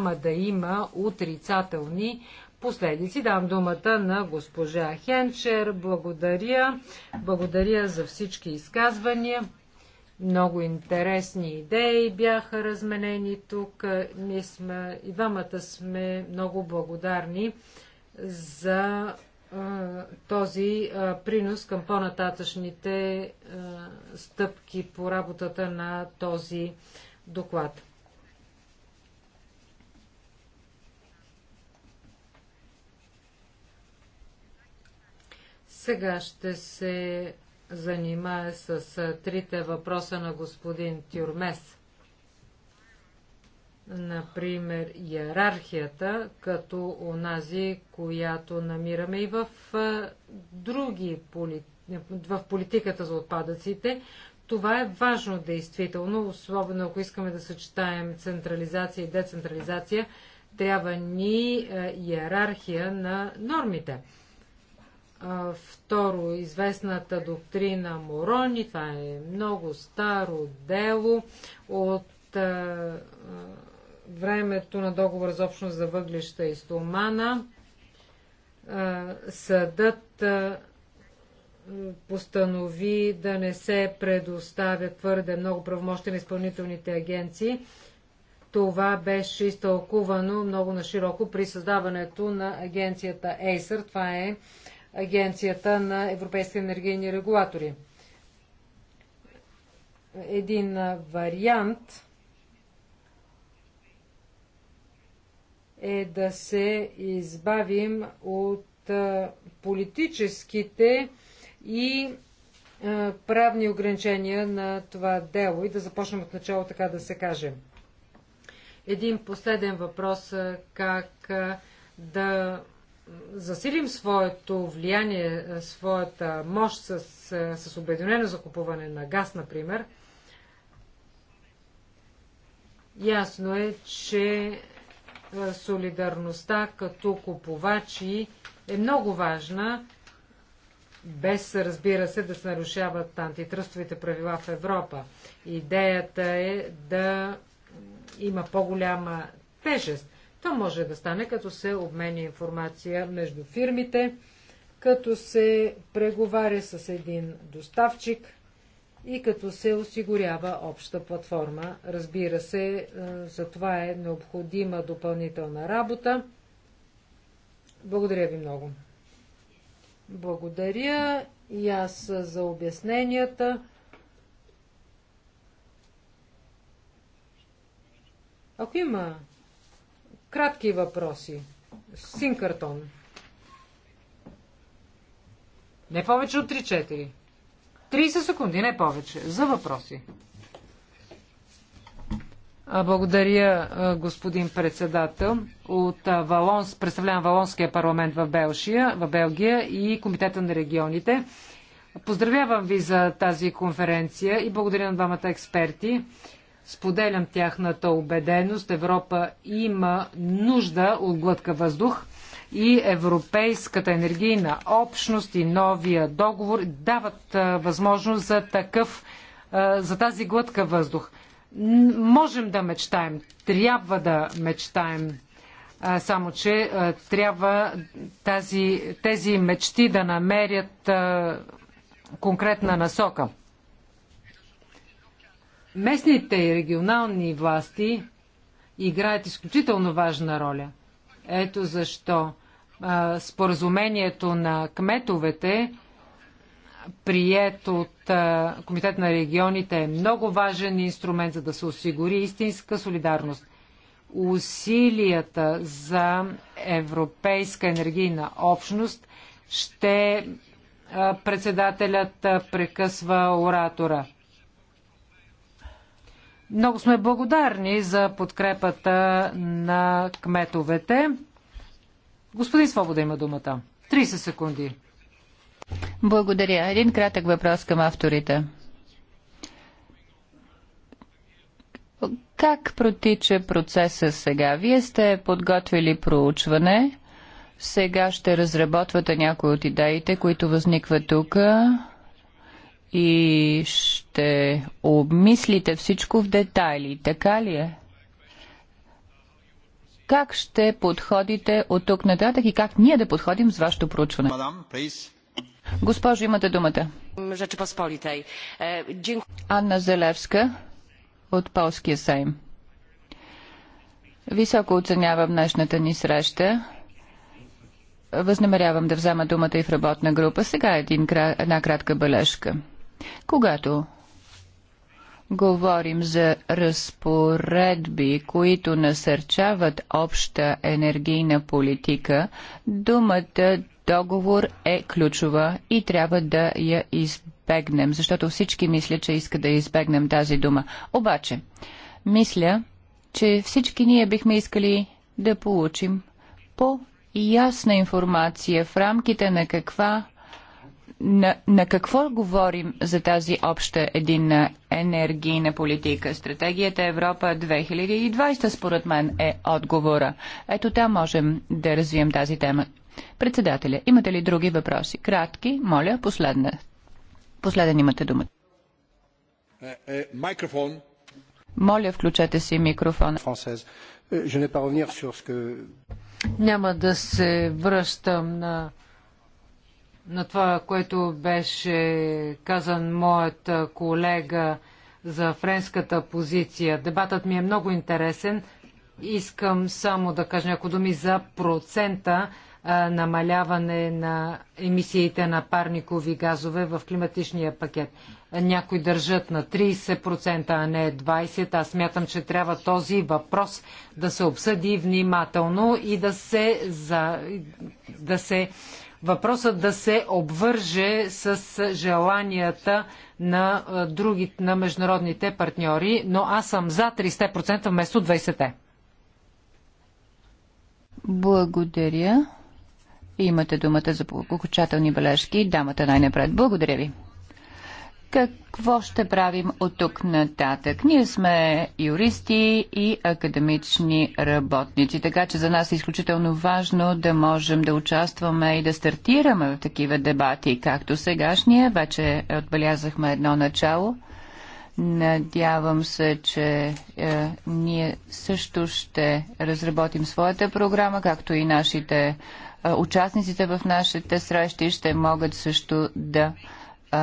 няма да има отрицателни последици. Дам думата на госпожа Хенчер. Благодаря. Благодаря за всички изказвания. Много интересни идеи бяха разменени тук. Ние сме, и двамата сме много благодарни за а, този а, принос към по-нататъчните стъпки по работата на този доклад. Сега ще се занимае с трите въпроса на господин Тюрмес. Например, иерархията, като онази, която намираме и в други полит... в политиката за отпадъците. Това е важно действително, особено ако искаме да съчетаем централизация и децентрализация, трябва ни иерархия на нормите Второ, известната доктрина Морони, това е много старо дело от а, времето на договор за общност за въглища и стомана. Съдът а, постанови да не се предоставя твърде много правомощи на изпълнителните агенции. Това беше изтълкувано много на широко при създаването на агенцията Acer. Това е Агенцията на Европейски енергийни регулатори. Един вариант е да се избавим от политическите и правни ограничения на това дело и да започнем от начало, така да се каже. Един последен въпрос, как да засилим своето влияние, е, своята мощ с, е, с обединено закупуване на газ, например, ясно е, че е, солидарността като купувачи е много важна, без, разбира се, да се нарушават антитръстовите правила в Европа. Идеята е да има по-голяма тежест – това може да стане, като се обменя информация между фирмите, като се преговаря с един доставчик и като се осигурява обща платформа. Разбира се, е, за това е необходима допълнителна работа. Благодаря ви много. Благодаря и аз за обясненията. Ако има Кратки въпроси. Синкартон. Не повече от 3-4. 30 секунди, не повече. За въпроси. Благодаря, господин председател. От Валонс, представлявам Валонския парламент в Белшия, в Белгия и Комитета на регионите. Поздравявам ви за тази конференция и благодаря на двамата експерти. Споделям тяхната убеденост. Европа има нужда от глътка въздух и Европейската енергийна общност и новия договор дават възможност за такъв, за тази глътка въздух. Можем да мечтаем, трябва да мечтаем, само че трябва тази, тези мечти да намерят конкретна насока местните и регионални власти играят изключително важна роля. Ето защо а, споразумението на кметовете, прият от а, Комитет на регионите, е много важен инструмент, за да се осигури истинска солидарност. Усилията за Европейска енергийна общност ще а, председателят прекъсва оратора. Много сме благодарни за подкрепата на кметовете. Господин Свобода има думата. 30 секунди. Благодаря. Един кратък въпрос към авторите. Как протича процеса сега? Вие сте подготвили проучване. Сега ще разработвате някои от идеите, които възникват тук и ще обмислите всичко в детайли. Така ли е? Как ще подходите от тук нататък и как ние да подходим с вашето проучване? Госпожо, имате думата. Е, Анна Зелевска от Полския Сейм. Високо оценявам днешната ни среща. Възнамерявам да взема думата и в работна група. Сега е един, една кратка бележка. Когато говорим за разпоредби, които насърчават обща енергийна политика, думата договор е ключова и трябва да я избегнем, защото всички мисля, че иска да избегнем тази дума. Обаче, мисля, че всички ние бихме искали да получим по-ясна информация в рамките на каква на, на какво говорим за тази обща единна енергийна политика? Стратегията Европа 2020, според мен, е отговора. Ето там можем да развием тази тема. Председателя, имате ли други въпроси? Кратки, моля, последна. Последен имате думата. Е, е, микрофон. Моля, включете си микрофона. Е, Няма да се връщам на на това, което беше казан моят колега за френската позиция. Дебатът ми е много интересен. Искам само да кажа някои думи за процента намаляване на емисиите на парникови газове в климатичния пакет. Някои държат на 30%, а не 20%. Аз смятам, че трябва този въпрос да се обсъди внимателно и да се, за, да се въпросът да се обвърже с желанията на, други, на международните партньори, но аз съм за 30% вместо 20%. те Благодаря. Имате думата за окончателни бележки. Дамата най-напред. Благодаря ви какво ще правим от тук нататък? Ние сме юристи и академични работници, така че за нас е изключително важно да можем да участваме и да стартираме в такива дебати, както сегашния. Вече отбелязахме едно начало. Надявам се, че е, ние също ще разработим своята програма, както и нашите е, участниците в нашите срещи ще могат също да е,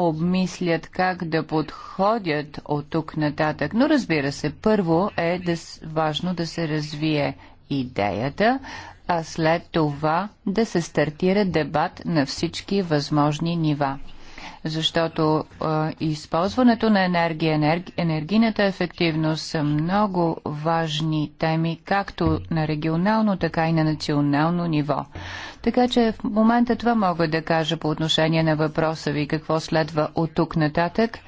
обмислят как да подходят от тук нататък. Но разбира се, първо е да, важно да се развие идеята, а след това да се стартира дебат на всички възможни нива защото а, използването на енергия, енерги, енергийната ефективност са много важни теми, както на регионално, така и на национално ниво. Така че в момента това мога да кажа по отношение на въпроса ви, какво следва от тук нататък.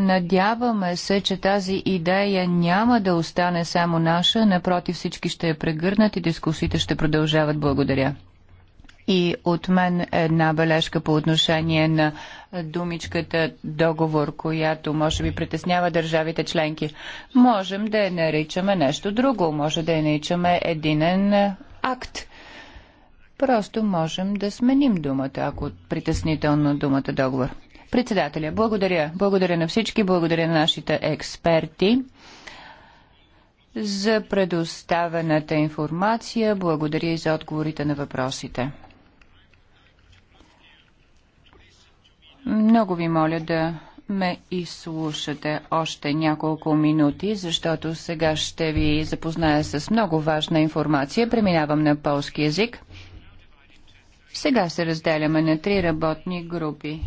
Надяваме се, че тази идея няма да остане само наша, напротив всички ще я прегърнат и дискусиите ще продължават. Благодаря. И от мен една бележка по отношение на думичката договор, която може би притеснява държавите членки. Можем да я наричаме нещо друго, може да я наричаме единен акт. Просто можем да сменим думата, ако притеснително думата договор. Председателя, благодаря. Благодаря на всички, благодаря на нашите експерти за предоставената информация. Благодаря и за отговорите на въпросите. Много ви моля да ме изслушате още няколко минути, защото сега ще ви запозная с много важна информация. Преминавам на полски язик. Сега се разделяме на три работни групи.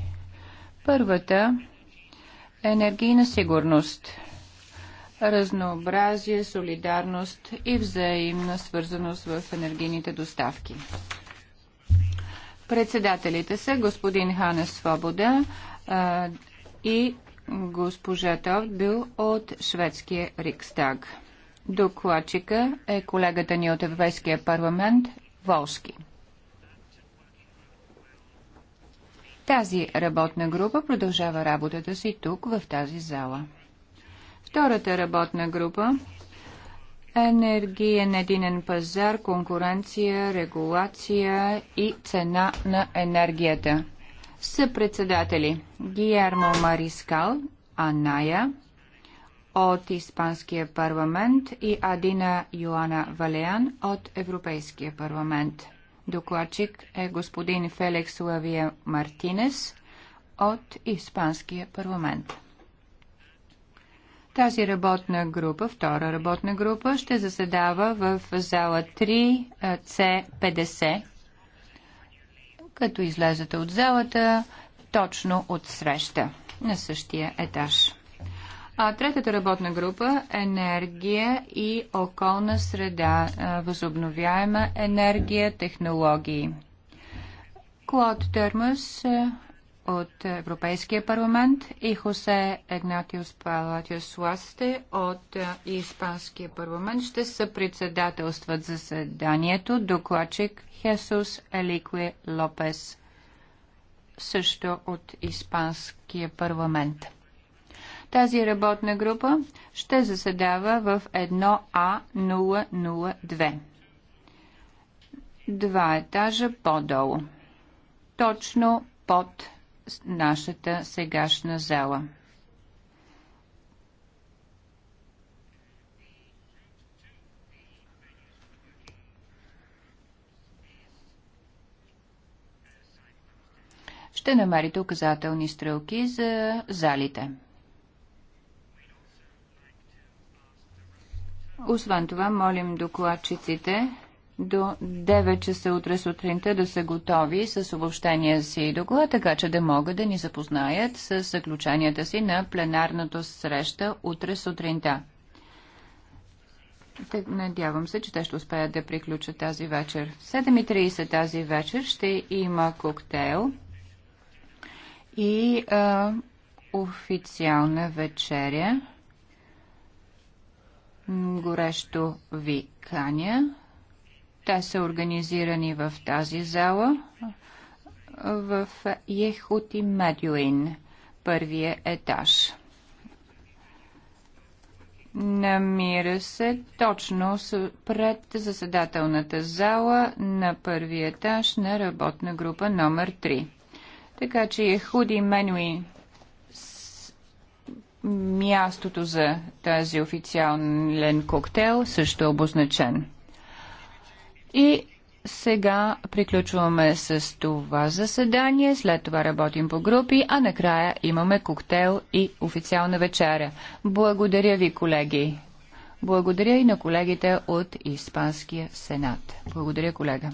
Първата – енергийна сигурност, разнообразие, солидарност и взаимна свързаност в енергийните доставки. Председателите са господин Хана Свобода а, и госпожа Торбил от шведския Рикстаг. Докладчика е колегата ни от Европейския парламент Волски. Тази работна група продължава работата си тук, в тази зала. Втората работна група енергиен единен пазар, конкуренция, регулация и цена на енергията. Съпредседатели Гиермо Марискал, Аная от Испанския парламент и Адина Йоана Валеан от Европейския парламент. Докладчик е господин Феликс Лавия Мартинес от Испанския парламент. Тази работна група, втора работна група, ще заседава в зала 3C50. Като излезете от залата, точно от среща на същия етаж. А третата работна група енергия и околна среда, възобновяема енергия, технологии. Клод Термас от Европейския парламент и Хосе Егнатиус Палатиус Ласте от Испанския парламент ще се председателстват заседанието докладчик Хесус Еликве Лопес, също от Испанския парламент. Тази работна група ще заседава в 1А002. Два етажа по-долу. Точно под нашата сегашна зала. ще намерите указателни стрелки за залите. Освен това, молим докладчиците до 9 часа утре сутринта да са готови с обобщения си доклад, така че да могат да ни запознаят с заключенията си на пленарното среща утре сутринта. Надявам се, че те ще успеят да приключат тази вечер. В 7.30 тази вечер ще има коктейл и а, официална вечеря. Горещо ви каня. Те са организирани в тази зала в Ехути Медюин, първия етаж. Намира се точно пред заседателната зала на първия етаж на работна група номер 3. Така че Ехуди Менуи мястото за тази официален коктейл също е обозначен. И сега приключваме с това заседание, след това работим по групи, а накрая имаме коктейл и официална вечеря. Благодаря ви, колеги. Благодаря и на колегите от Испанския сенат. Благодаря, колега.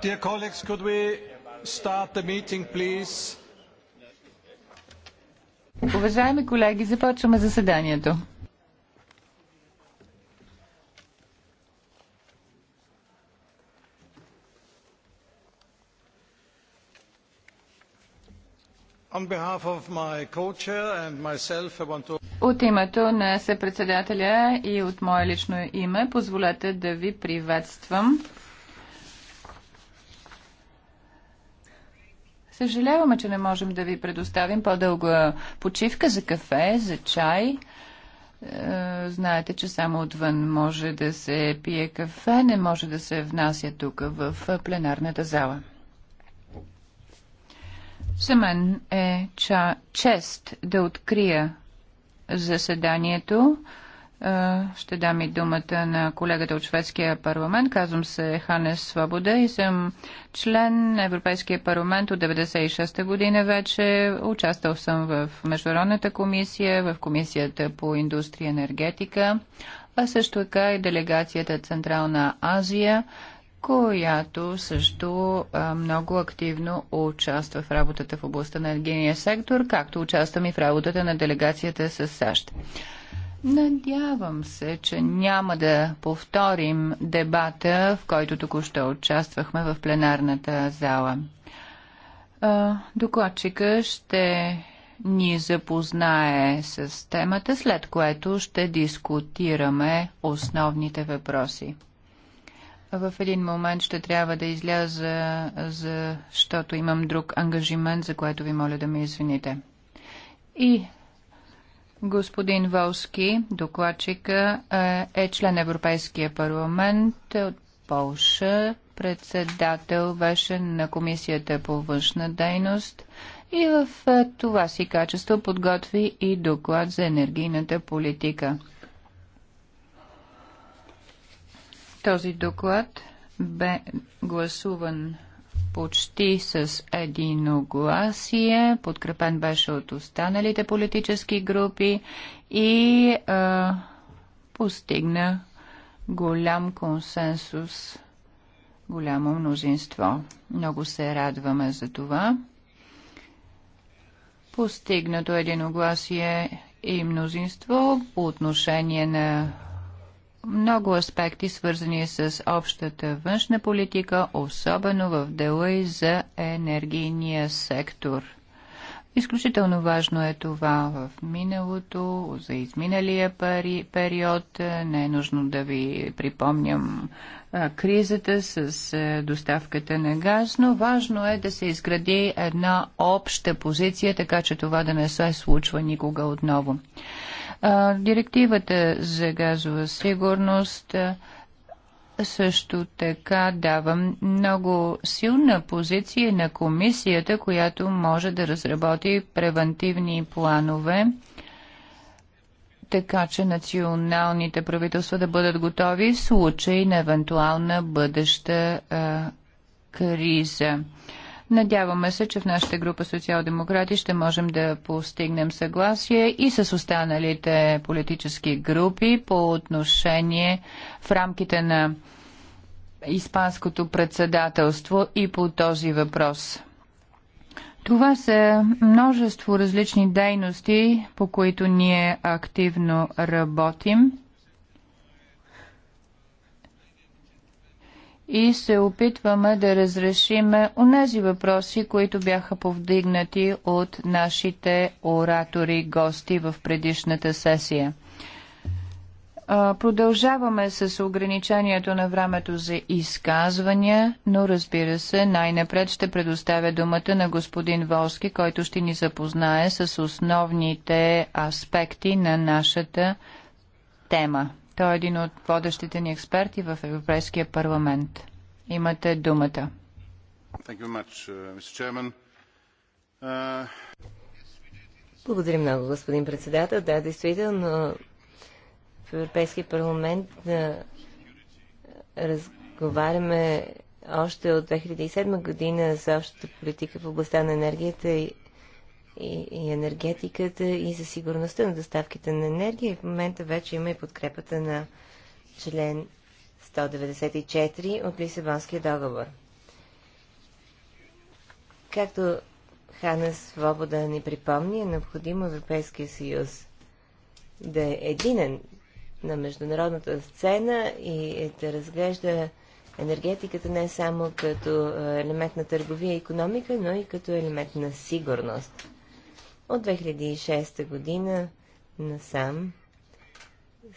Dear colleagues, could we start the meeting, please? Уважаеми колеги, започваме заседанието. От името на съпредседателя и от мое лично име, позволете да ви приветствам Съжаляваме, че не можем да ви предоставим по-дълга почивка за кафе, за чай. Е, знаете, че само отвън може да се пие кафе, не може да се внася тук в пленарната зала. За мен е чест да открия заседанието. Ще дам и думата на колегата от Шведския парламент. Казвам се Ханес Свобода и съм член на Европейския парламент от 96-та година вече. Участвал съм в Международната комисия, в Комисията по индустрия и енергетика, а също така и делегацията Централна Азия, която също много активно участва в работата в областта на енергийния сектор, както участвам и в работата на делегацията с САЩ. Надявам се, че няма да повторим дебата, в който току-що участвахме в пленарната зала. Докладчика ще ни запознае с темата, след което ще дискутираме основните въпроси. В един момент ще трябва да изляза, защото имам друг ангажимент, за което ви моля да ме извините. И Господин Волски, докладчика, е, е член Европейския парламент е от Полша, председател беше на Комисията по външна дейност и в е, това си качество подготви и доклад за енергийната политика. Този доклад бе гласуван почти с единогласие, подкрепен беше от останалите политически групи и а, постигна голям консенсус, голямо мнозинство. Много се радваме за това. Постигнато единогласие и мнозинство по отношение на много аспекти, свързани с общата външна политика, особено в дела и за енергийния сектор. Изключително важно е това в миналото, за изминалия пари, период. Не е нужно да ви припомням кризата с доставката на газ, но важно е да се изгради една обща позиция, така че това да не се случва никога отново. Директивата за газова сигурност също така давам много силна позиция на комисията, която може да разработи превентивни планове, така че националните правителства да бъдат готови в случай на евентуална бъдеща а, криза. Надяваме се, че в нашата група социал-демократи ще можем да постигнем съгласие и с останалите политически групи по отношение в рамките на Испанското председателство и по този въпрос. Това са множество различни дейности, по които ние активно работим. и се опитваме да разрешиме онези въпроси, които бяха повдигнати от нашите оратори гости в предишната сесия. Продължаваме с ограничението на времето за изказвания, но разбира се, най-напред ще предоставя думата на господин Волски, който ще ни запознае с основните аспекти на нашата тема. Той е един от водещите ни експерти в Европейския парламент. Имате думата. Uh, uh, Благодаря много, господин председател. Да, действително в Европейския парламент разговаряме още от 2007 година за общата политика в областта на енергията и и, и енергетиката и за сигурността на доставките на енергия. И в момента вече има и подкрепата на член 194 от Лисабонския договор. Както Хана Свобода ни припомни, е необходимо Европейския съюз да е единен на международната сцена и е да разглежда енергетиката не само като е, елемент на търговия и економика, но и като елемент на сигурност. От 2006 година насам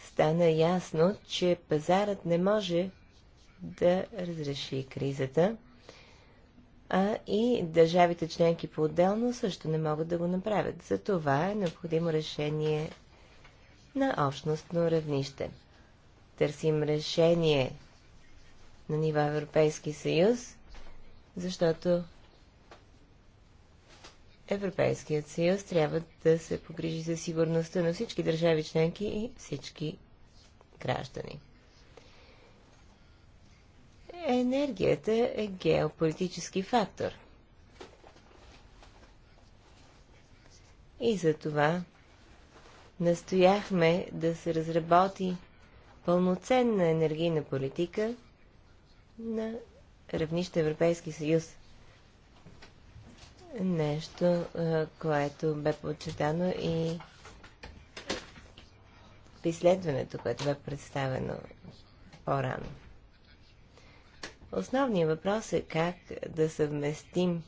стана ясно, че пазарът не може да разреши кризата, а и държавите членки по-отделно също не могат да го направят. За това е необходимо решение на общностно равнище. Търсим решение на нива Европейски съюз, защото Европейският съюз трябва да се погрижи за сигурността на всички държави членки и всички граждани. Енергията е геополитически фактор. И за това настояхме да се разработи пълноценна енергийна политика на равнище Европейски съюз – нещо, което бе подчетано и в изследването, което бе представено по-рано. Основният въпрос е как да съвместим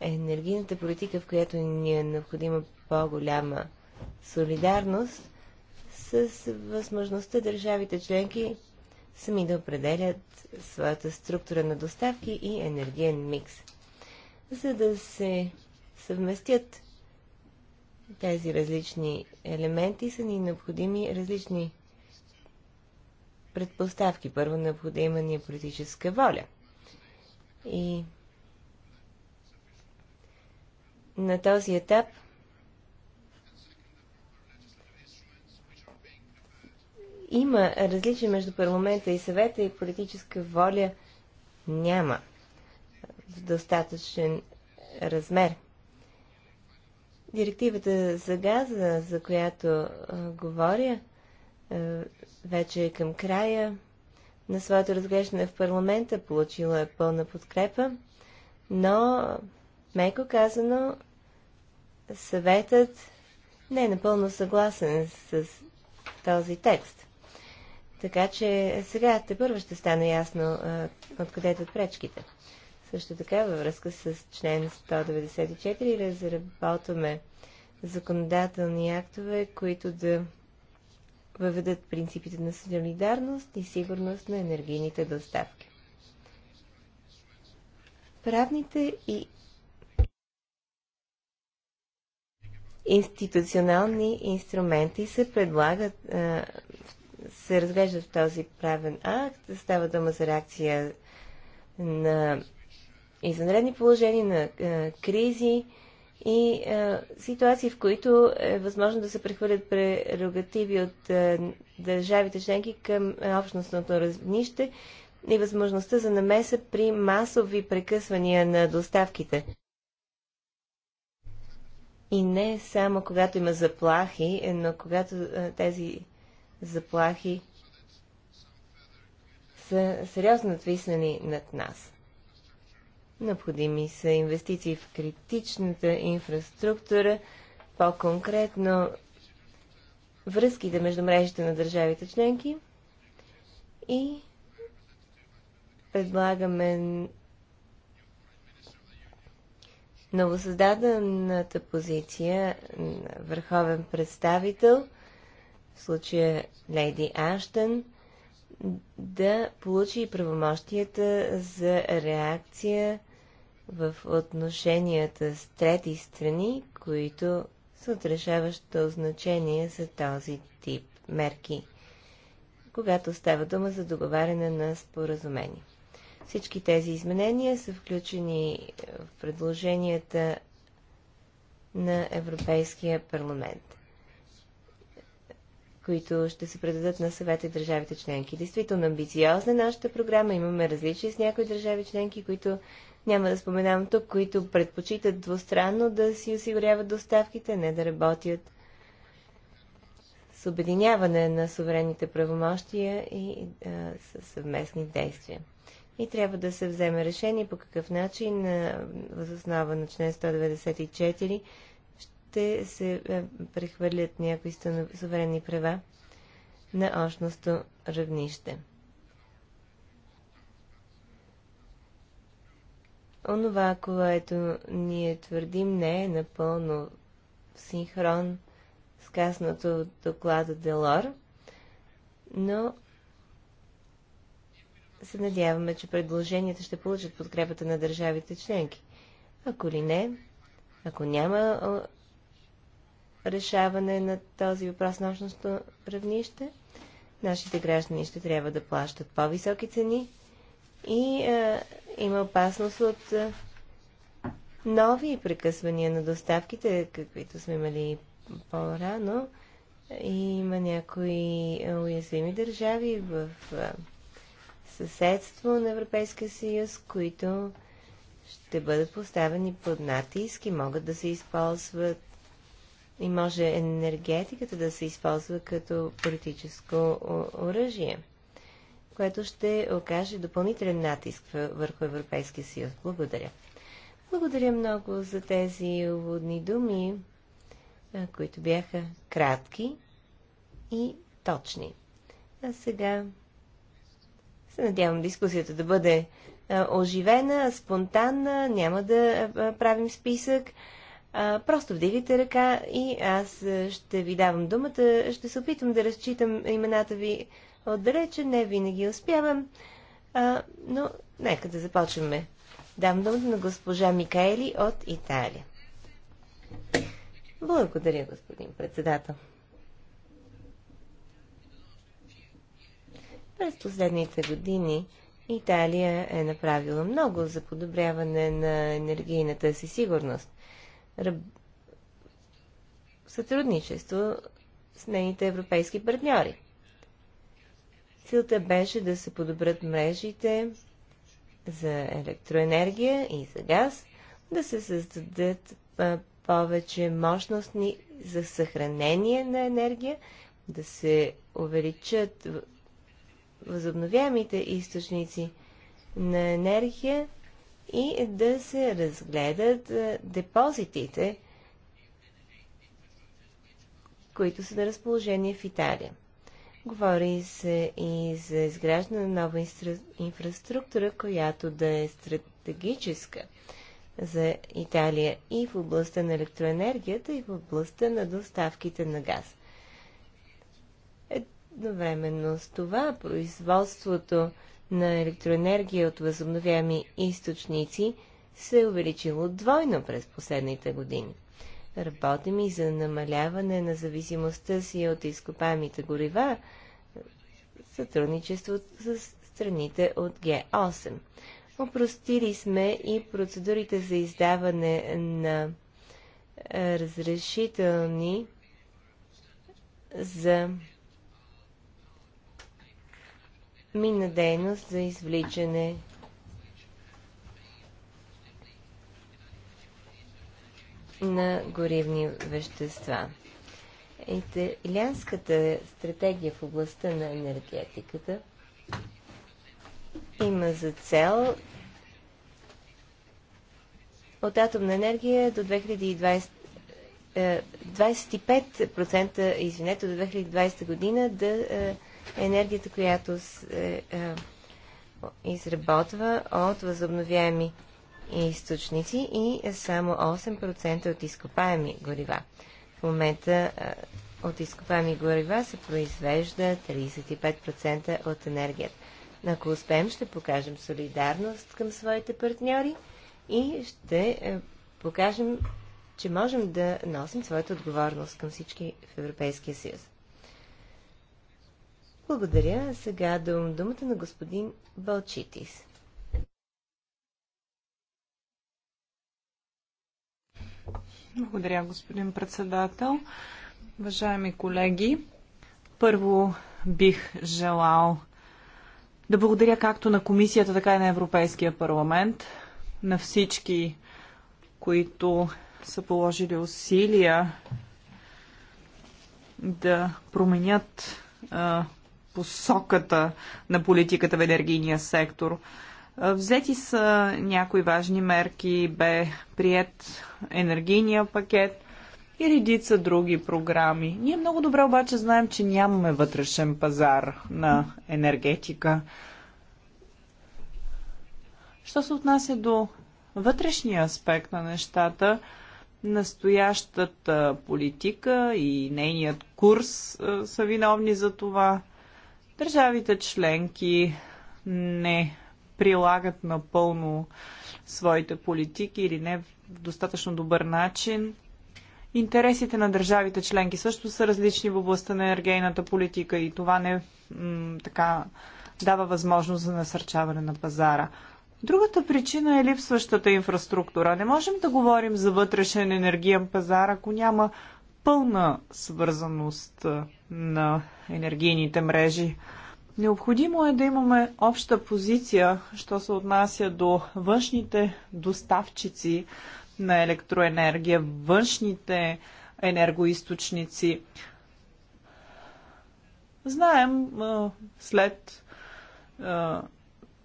енергийната политика, в която ни е необходима по-голяма солидарност, с възможността държавите членки сами да определят своята структура на доставки и енергиен микс. За да се съвместят тези различни елементи, са ни необходими различни предпоставки. Първо, необходима ни е политическа воля. И на този етап – има различия между парламента и съвета и политическа воля няма в достатъчен размер. Директивата за газа, за която а, говоря, а, вече е към края на своето разглеждане в парламента, получила е пълна подкрепа, но, меко казано, съветът не е напълно съгласен с този текст. Така че сега те първо ще стане ясно откъде идват пречките. Също така във връзка с член 194 разработваме законодателни актове, които да въведат принципите на солидарност и сигурност на енергийните доставки. Правните и институционални инструменти се предлагат а, се разглежда в този правен акт. Става дума за реакция на извънредни положения, на е, кризи и е, ситуации, в които е възможно да се прехвърлят прерогативи от е, държавите членки към е, общностното равнище и възможността за намеса при масови прекъсвания на доставките. И не само когато има заплахи, но когато е, тези заплахи са сериозно отвиснали над нас. Необходими са инвестиции в критичната инфраструктура, по-конкретно връзките между мрежите на държавите членки и предлагаме новосъздадената позиция на върховен представител в случая Лейди Аштън, да получи правомощията за реакция в отношенията с трети страни, които са от решаващо значение за този тип мерки, когато става дума за договаряне на споразумение. Всички тези изменения са включени в предложенията на Европейския парламент които ще се предадат на съвета и държавите членки. Действително амбициозна е нашата програма. Имаме различия с някои държави членки, които няма да споменавам тук, които предпочитат двустранно да си осигуряват доставките, не да работят с обединяване на суверенните правомощия и а, с съвместни действия. И трябва да се вземе решение по какъв начин, възоснова на член 194, ще се е, прехвърлят някои суверенни права на общностно равнище. Онова, което ние твърдим, не е напълно в синхрон с касното от доклада Делор, но се надяваме, че предложенията ще получат подкрепата на държавите членки. Ако ли не, ако няма решаване на този въпрос на общностно равнище. Нашите граждани ще трябва да плащат по-високи цени и а, е, има опасност от а, е, нови прекъсвания на доставките, каквито сме имали по-рано. Има някои уязвими държави в а, е, съседство на Европейския съюз, които ще бъдат поставени под натиск и могат да се използват и може енергетиката да се използва като политическо оръжие, което ще окаже допълнителен натиск върху Европейския съюз. Благодаря. Благодаря много за тези уводни думи, които бяха кратки и точни. А сега се надявам дискусията да бъде оживена, спонтанна, няма да правим списък просто вдигайте ръка и аз ще ви давам думата. Ще се опитам да разчитам имената ви отдалече. Не винаги успявам. А, но нека да започваме. Дам думата на госпожа Микаели от Италия. Благодаря, господин председател. През последните години Италия е направила много за подобряване на енергийната си сигурност – сътрудничество с нейните европейски партньори. Целта беше да се подобрят мрежите за електроенергия и за газ, да се създадат повече мощности за съхранение на енергия, да се увеличат възобновяемите източници на енергия и да се разгледат е, депозитите, които са на разположение в Италия. Говори се и за изграждане на нова инфраструктура, която да е стратегическа за Италия и в областта на електроенергията, и в областта на доставките на газ. Едновременно с това производството на електроенергия от възобновяеми източници се е увеличило двойно през последните години. Работим и за намаляване на зависимостта си от изкопаемите горива, сътрудничество с страните от Г8. Опростили сме и процедурите за издаване на е, разрешителни за минна дейност за извличане на горивни вещества. Италианската стратегия в областта на енергетиката има за цел от атомна енергия до 2020 25% е, извинете, до 2020 година да е, енергията, която се е, е, изработва от възобновяеми източници и само 8% от изкопаеми горива. В момента е, от изкопаеми горива се произвежда 35% от енергията. Ако успеем, ще покажем солидарност към своите партньори и ще е, покажем, че можем да носим своята отговорност към всички в Европейския съюз. Благодаря. Сега давам думата на господин Балчитис. Благодаря, господин председател. Уважаеми колеги, първо бих желал да благодаря както на комисията, така и на Европейския парламент, на всички, които са положили усилия да променят посоката на политиката в енергийния сектор. Е, взети са някои важни мерки, бе прият енергийния пакет и редица други програми. Ние много добре обаче знаем, че нямаме вътрешен пазар на енергетика. Що се отнася до вътрешния аспект на нещата, настоящата политика и нейният курс е, са виновни за това – Държавите членки не прилагат напълно своите политики или не в достатъчно добър начин. Интересите на държавите членки също са различни в областта на енергийната политика и това не така дава възможност за насърчаване на пазара. Другата причина е липсващата инфраструктура. Не можем да говорим за вътрешен енергиен пазар, ако няма пълна свързаност на енергийните мрежи. Необходимо е да имаме обща позиция, що се отнася до външните доставчици на електроенергия, външните енергоисточници. Знаем след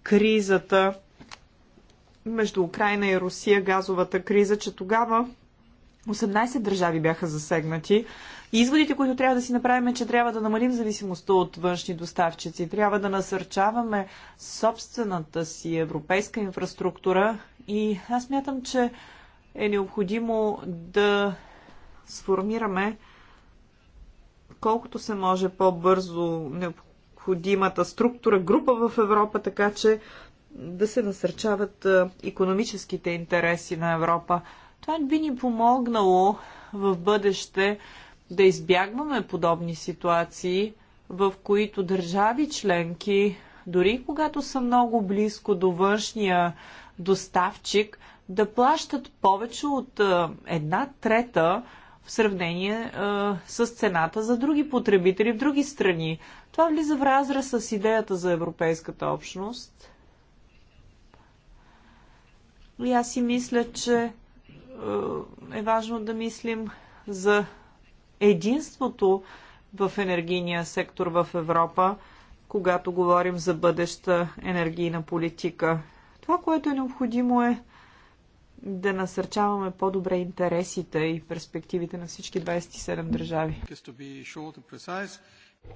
кризата между Украина и Русия, газовата криза, че тогава 18 държави бяха засегнати. И изводите, които трябва да си направим, е, че трябва да намалим зависимостта от външни доставчици. Трябва да насърчаваме собствената си европейска инфраструктура. И аз мятам, че е необходимо да сформираме колкото се може по-бързо необходимата структура, група в Европа, така че да се насърчават економическите интереси на Европа. Това би ни помогнало в бъдеще да избягваме подобни ситуации, в които държави членки, дори когато са много близко до външния доставчик, да плащат повече от една трета в сравнение с цената за други потребители в други страни. Това влиза в разраз с идеята за Европейската общност. И аз си мисля, че е, е важно да мислим за единството в енергийния сектор в Европа, когато говорим за бъдеща енергийна политика. Това, което е необходимо е да насърчаваме по-добре интересите и перспективите на всички 27 държави.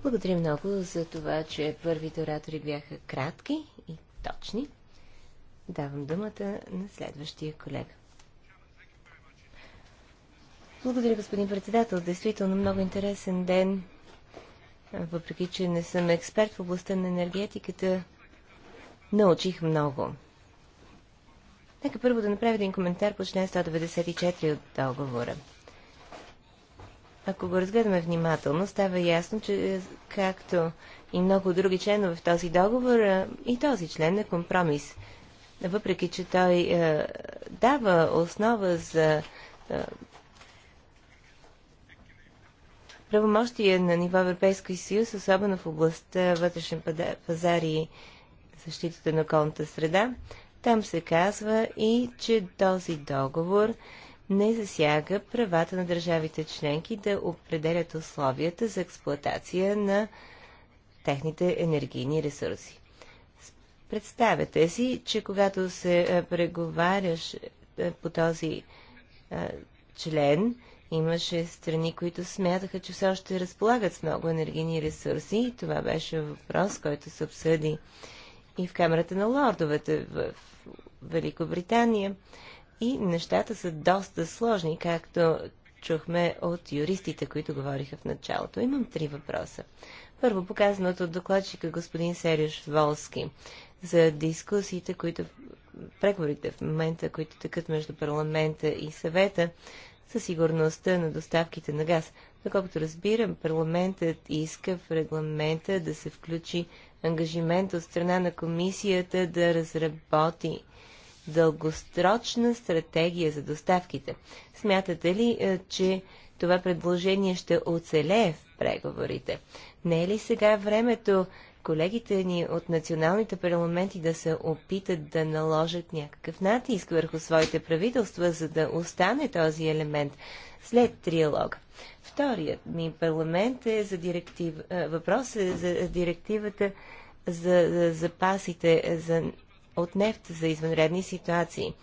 Благодаря много за това, че първите оратори бяха кратки и точни. Давам думата на следващия колега. Благодаря, господин председател. Действително много интересен ден. Въпреки, че не съм експерт в областта на енергетиката, научих много. Нека първо да направя един коментар по член 194 от договора. Ако го разгледаме внимателно, става ясно, че както и много други членове в този договор, и този член е компромис. Въпреки, че той е, дава основа за е, правомощия на ниво и съюз, особено в областта вътрешен пазар и защитата на околната среда, там се казва и, че този договор не засяга правата на държавите членки да определят условията за експлоатация на техните енергийни ресурси. Представете си, че когато се преговаряш по този член, Имаше страни, които смятаха, че все още разполагат с много енергийни ресурси и това беше въпрос, който се обсъди и в Камерата на лордовете в Великобритания. И нещата са доста сложни, както чухме от юристите, които говориха в началото. Имам три въпроса. Първо, показаното от докладчика господин Сериош Волски за дискусиите, които преговорите в момента, които тъкат между парламента и съвета със сигурността на доставките на газ. Доколкото разбирам, парламентът иска в регламента да се включи ангажимент от страна на комисията да разработи дългосрочна стратегия за доставките. Смятате ли, е, че това предложение ще оцелее в преговорите? Не е ли сега времето колегите ни от националните парламенти да се опитат да наложат някакъв натиск върху своите правителства, за да остане този елемент след триалог. Вторият ми парламент е за директив... Е, въпрос е за директивата за запасите за... от нефт за извънредни ситуации.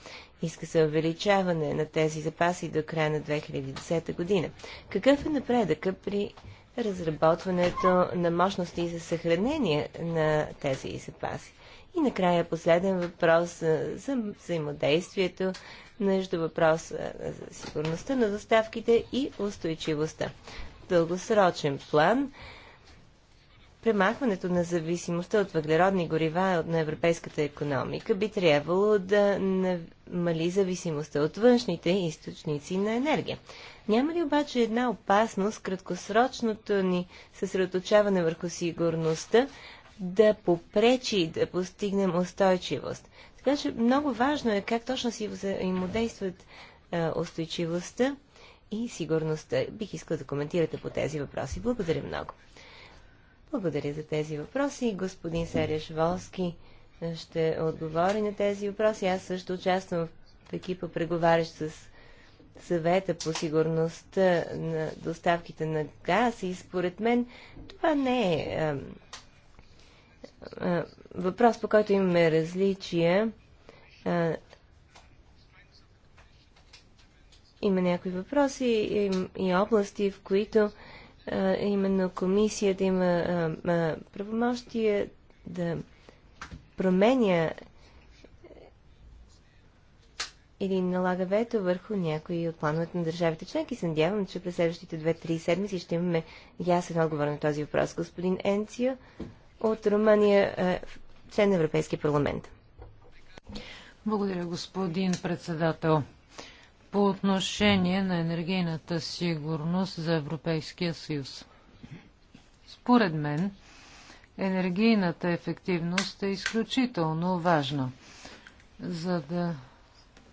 Иска се увеличаване на тези запаси до края на 2010 година. Какъв е напредъка при разработването на мощности за съхранение на тези запаси. И накрая последен въпрос за взаимодействието между въпроса за сигурността на доставките и устойчивостта. В дългосрочен план премахването на зависимостта от въглеродни горива на европейската економика би трябвало да намали зависимостта от външните източници на енергия. Няма ли обаче една опасност краткосрочното ни съсредоточаване върху сигурността да попречи да постигнем устойчивост? Така че много важно е как точно си взаимодействат устойчивостта и сигурността. Бих искал да коментирате по тези въпроси. Благодаря много. Благодаря за тези въпроси. Господин Сереш Волски ще отговори на тези въпроси. Аз също участвам в екипа преговарящ с съвета по сигурността на доставките на газ и според мен това не е а, а, въпрос, по който имаме различия. А, има някои въпроси и, и области, в които а, именно комисията има а, а, правомощие да променя или налага вето върху някои от плановете на държавите членки. Се надявам, че през следващите 2-3 седмици ще имаме ясен отговор на този въпрос. Господин Енцио от Румъния, е, член на Европейския парламент. Благодаря, господин председател. По отношение на енергийната сигурност за Европейския съюз. Според мен, енергийната ефективност е изключително важна, за да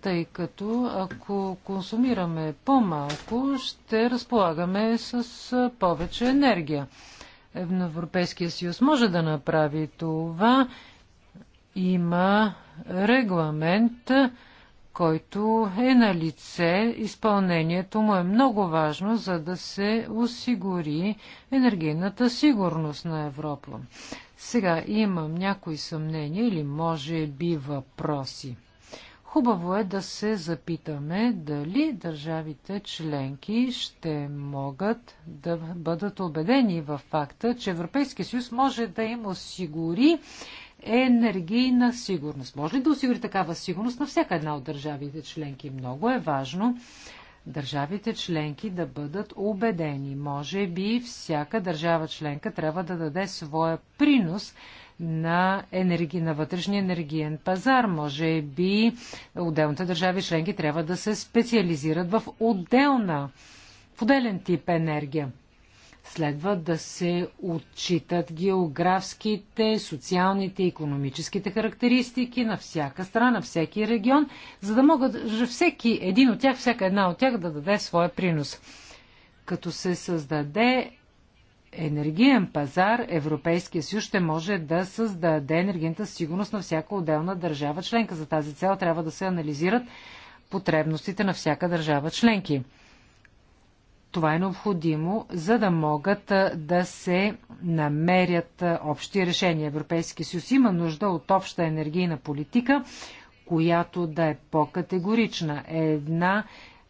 тъй като ако консумираме по-малко, ще разполагаме с повече енергия. Е, Европейския съюз може да направи това. Има регламент, който е на лице. Изпълнението му е много важно, за да се осигури енергийната сигурност на Европа. Сега имам някои съмнения или може би въпроси. Хубаво е да се запитаме дали държавите членки ще могат да бъдат убедени в факта, че Европейския съюз може да им осигури енергийна сигурност. Може ли да осигури такава сигурност на всяка една от държавите членки? Много е важно държавите членки да бъдат убедени. Може би всяка държава членка трябва да даде своя принос на, енергия, на вътрешния енергиен пазар. Може би отделните държави членки трябва да се специализират в отделна, в отделен тип енергия. Следва да се отчитат географските, социалните и економическите характеристики на всяка страна, на всеки регион, за да могат всеки един от тях, всяка една от тях да даде своя принос. Като се създаде енергиен пазар Европейския съюз ще може да създаде енергийната сигурност на всяка отделна държава членка. За тази цел трябва да се анализират потребностите на всяка държава членки. Това е необходимо, за да могат да се намерят общи решения. Европейския съюз има нужда от обща енергийна политика, която да е по-категорична. Една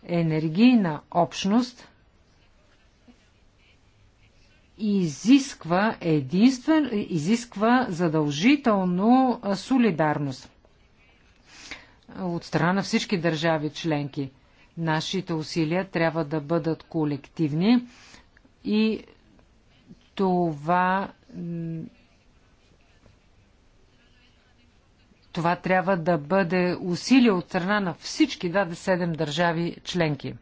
енергийна общност – изисква единствен, изисква задължително солидарност от страна на всички държави членки. Нашите усилия трябва да бъдат колективни и това това трябва да бъде усилие от страна на всички 27 държави членки.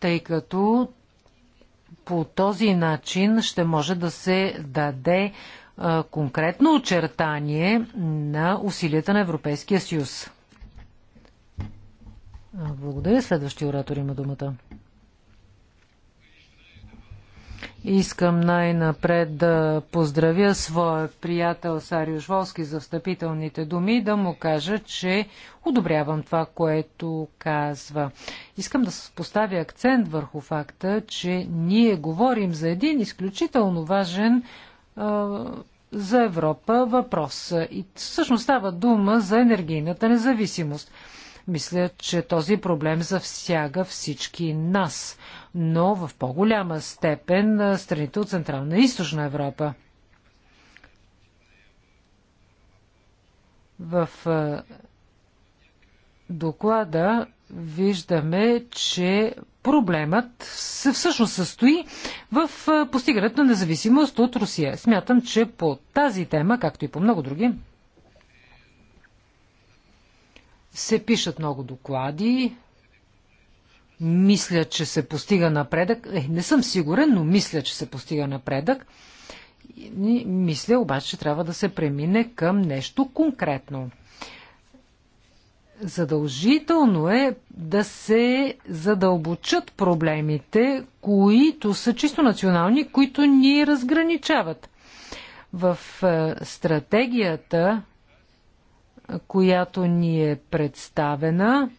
Тъй като по този начин ще може да се даде е, конкретно очертание на усилията на Европейския съюз. Благодаря. Следващия оратор има думата. Искам най-напред да поздравя своя приятел Сариуш Волски за встъпителните думи и да му кажа, че одобрявам това, което казва. Искам да поставя акцент върху факта, че ние говорим за един изключително важен а, за Европа въпрос. И всъщност става дума за енергийната независимост. Мисля, че този проблем завсяга всички нас, но в по-голяма степен страните от Централна и Източна Европа. В доклада виждаме, че проблемът се всъщност състои в постигането на независимост от Русия. Смятам, че по тази тема, както и по много други, се пишат много доклади. Мисля, че се постига напредък. Е, не съм сигурен, но мисля, че се постига напредък. Мисля обаче, че трябва да се премине към нещо конкретно. Задължително е да се задълбочат проблемите, които са чисто национални, които ни разграничават. В е, стратегията която ни е представена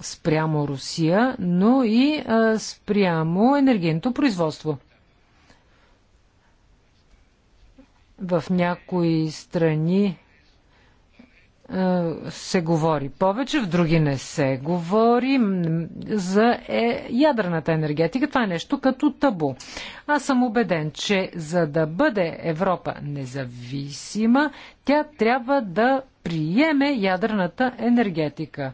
спрямо Русия, но и спрямо енергийното производство. В някои страни се говори повече, в други не се говори за е, ядрената енергетика. Това е нещо като табу. Аз съм убеден, че за да бъде Европа независима, тя трябва да приеме ядрената енергетика.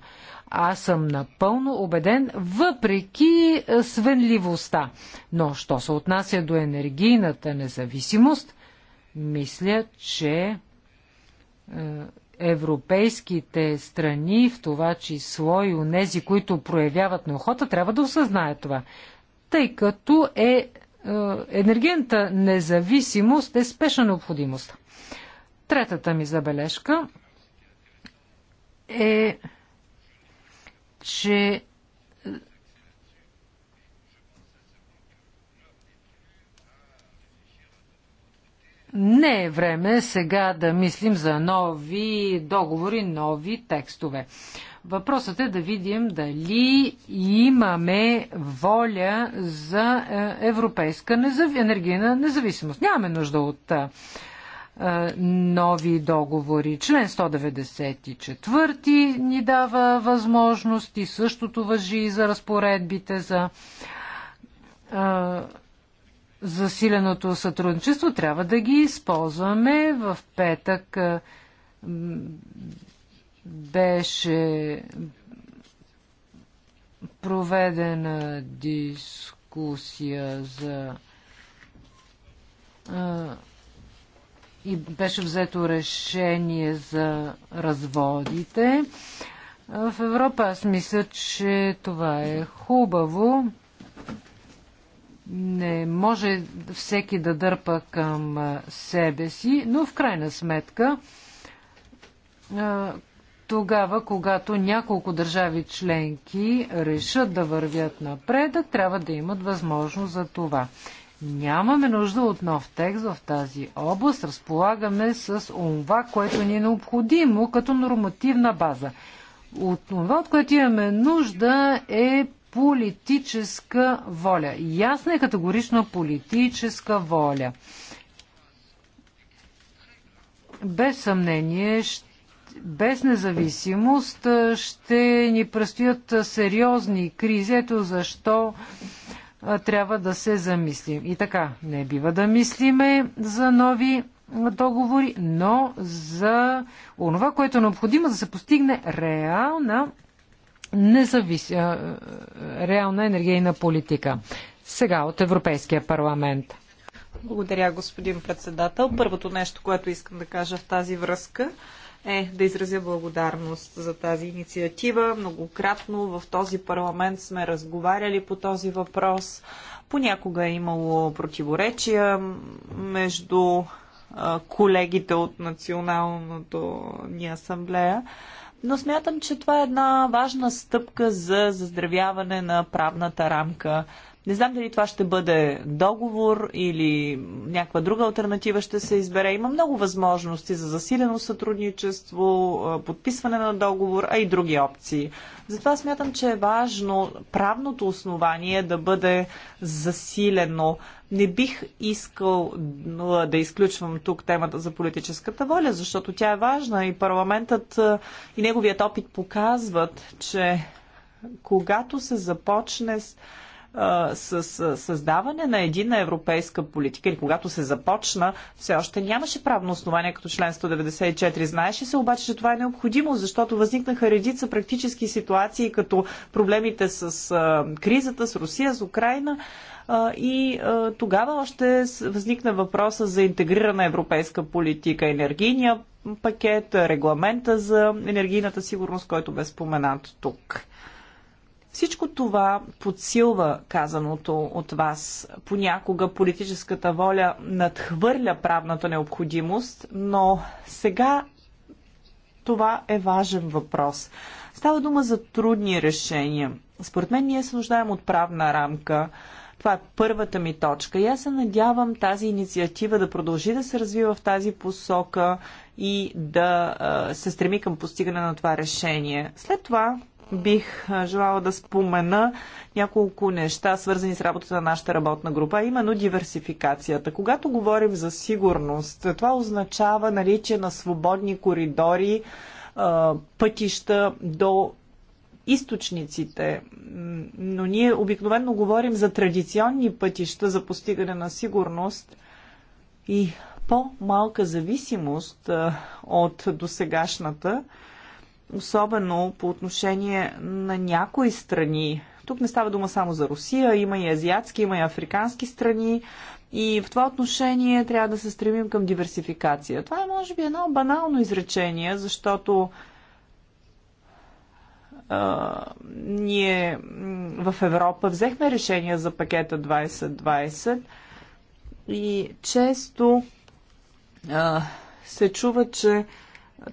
Аз съм напълно убеден, въпреки е, свенливостта. Но, що се отнася до енергийната независимост, мисля, че е, европейските страни, в това число и у нези, които проявяват неохота, трябва да осъзнаят това. Тъй като е, е енергийната независимост е спешна необходимост. Третата ми забележка е, че не е време сега да мислим за нови договори, нови текстове. Въпросът е да видим дали имаме воля за е, европейска енергийна независимост. Нямаме нужда от е, е, нови договори. Член 194 ни дава възможност и същото въжи и за разпоредбите за е, засиленото сътрудничество. Трябва да ги използваме. В петък е, беше проведена дискусия за и беше взето решение за разводите. В Европа аз мисля, че това е хубаво. Не може всеки да дърпа към себе си, но в крайна сметка тогава, когато няколко държави членки решат да вървят напред, трябва да имат възможност за това. Нямаме нужда от нов текст в тази област. Разполагаме с онова, което ни е необходимо като нормативна база. От това, от което имаме нужда е политическа воля. Ясна и категорична политическа воля. Без съмнение, без независимост ще ни предстоят сериозни кризи. Ето защо трябва да се замислим. И така, не бива да мислиме за нови договори, но за онова, което е необходимо да се постигне реална, независ... реална енергийна политика. Сега от Европейския парламент. Благодаря, господин председател. Първото нещо, което искам да кажа в тази връзка е да изразя благодарност за тази инициатива. Многократно в този парламент сме разговаряли по този въпрос. Понякога е имало противоречия между колегите от Националното ни асамблея. Но смятам, че това е една важна стъпка за заздравяване на правната рамка. Не знам дали това ще бъде договор или някаква друга альтернатива ще се избере. Има много възможности за засилено сътрудничество, подписване на договор, а и други опции. Затова смятам, че е важно правното основание да бъде засилено. Не бих искал да изключвам тук темата за политическата воля, защото тя е важна и парламентът и неговият опит показват, че когато се започне с с създаване на едина европейска политика или когато се започна, все още нямаше правно основание като член 194. Знаеше се обаче, че това е необходимо, защото възникнаха редица практически ситуации, като проблемите с кризата, с Русия, с Украина. И тогава още възникна въпроса за интегрирана европейска политика, енергийния пакет, регламента за енергийната сигурност, който бе споменат тук. Всичко това подсилва казаното от вас. Понякога политическата воля надхвърля правната необходимост, но сега това е важен въпрос. Става дума за трудни решения. Според мен ние се нуждаем от правна рамка. Това е първата ми точка. И аз се надявам тази инициатива да продължи да се развива в тази посока и да се стреми към постигане на това решение. След това бих желала да спомена няколко неща, свързани с работата на нашата работна група, именно диверсификацията. Когато говорим за сигурност, това означава наличие на свободни коридори, пътища до източниците, но ние обикновено говорим за традиционни пътища за постигане на сигурност и по-малка зависимост от досегашната особено по отношение на някои страни. Тук не става дума само за Русия, има и азиатски, има и африкански страни. И в това отношение трябва да се стремим към диверсификация. Това е, може би, едно банално изречение, защото а, ние в Европа взехме решение за пакета 2020 и често а, се чува, че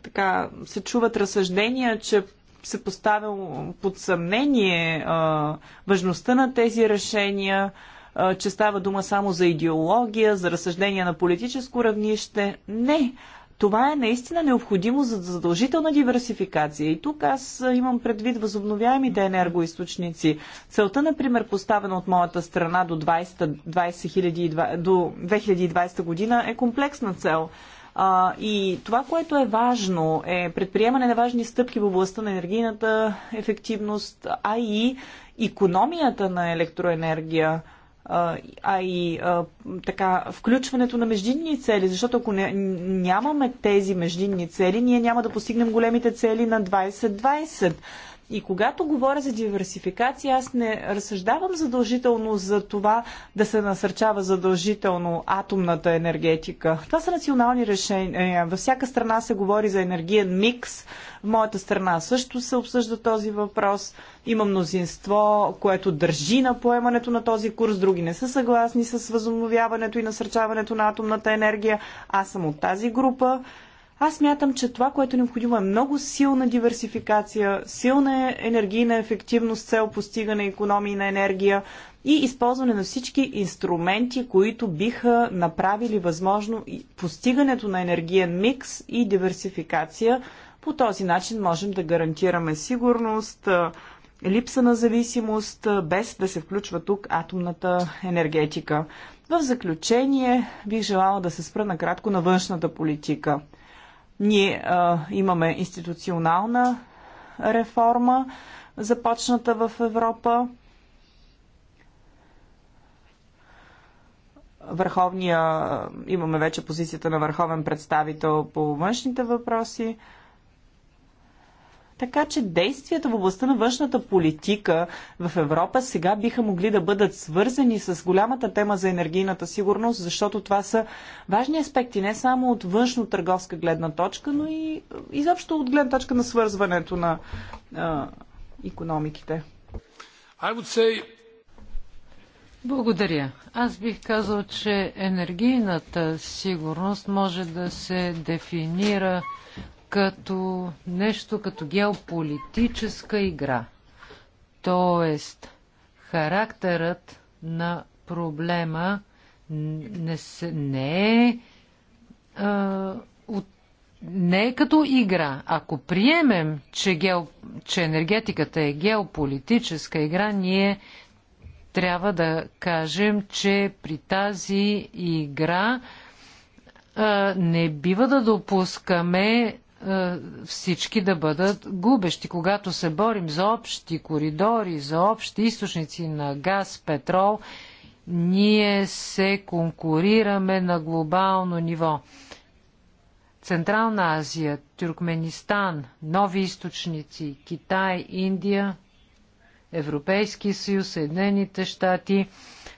така се чуват разсъждения, че се поставя под съмнение а, важността на тези решения, а, че става дума само за идеология, за разсъждения на политическо равнище. Не, това е наистина необходимо за задължителна диверсификация. И тук аз имам предвид възобновяемите енергоисточници. Целта, например, поставена от моята страна до, 20, 20 000, до 2020 година е комплексна цел – а, и това, което е важно, е предприемане на важни стъпки в областта на енергийната ефективност, а и економията на електроенергия а и а, така включването на междинни цели, защото ако не, нямаме тези междинни цели, ние няма да постигнем големите цели на 2020. -20. И когато говоря за диверсификация, аз не разсъждавам задължително за това да се насърчава задължително атомната енергетика. Това са национални решения. Във всяка страна се говори за енергиен микс. В моята страна също се обсъжда този въпрос. Има мнозинство, което държи на поемането на този курс. Други не са съгласни с възобновяването и насърчаването на атомната енергия. Аз съм от тази група аз мятам, че това, което е необходимо е много силна диверсификация, силна е енергийна ефективност цел постигане економии на енергия и използване на всички инструменти, които биха направили възможно постигането на енергиен микс и диверсификация. По този начин можем да гарантираме сигурност, липса на зависимост, без да се включва тук атомната енергетика. В заключение бих желала да се спра накратко на външната политика – ние а, имаме институционална реформа, започната в Европа. Върховния, имаме вече позицията на върховен представител по външните въпроси. А, така че действията в областта на външната политика в Европа сега биха могли да бъдат свързани с голямата тема за енергийната сигурност, защото това са важни аспекти не само от външно-търговска гледна точка, но и изобщо от гледна точка на свързването на а, економиките. Say... Благодаря. Аз бих казал, че енергийната сигурност може да се дефинира като нещо като геополитическа игра. Тоест, характерът на проблема не, се, не е а, от не е като игра. Ако приемем, че, гео, че енергетиката е геополитическа игра, ние трябва да кажем, че при тази игра а, не бива да допускаме е, всички да бъдат губещи. Когато се борим за общи коридори, за общи източници на газ, петрол, ние се конкурираме на глобално ниво. Централна Азия, Тюркменистан, нови източници, Китай, Индия, Европейски съюз, Съединените щати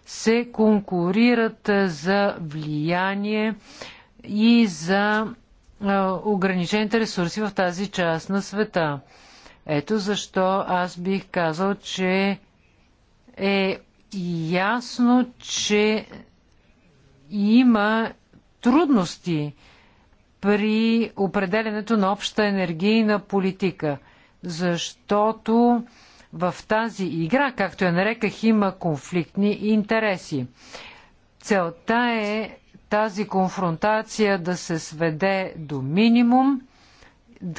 се конкурират за влияние и за ограничените ресурси в тази част на света. Ето защо аз бих казал, че е ясно, че има трудности при определенето на обща енергийна политика, защото в тази игра, както я нареках, има конфликтни интереси. Целта е тази конфронтация да се сведе до минимум,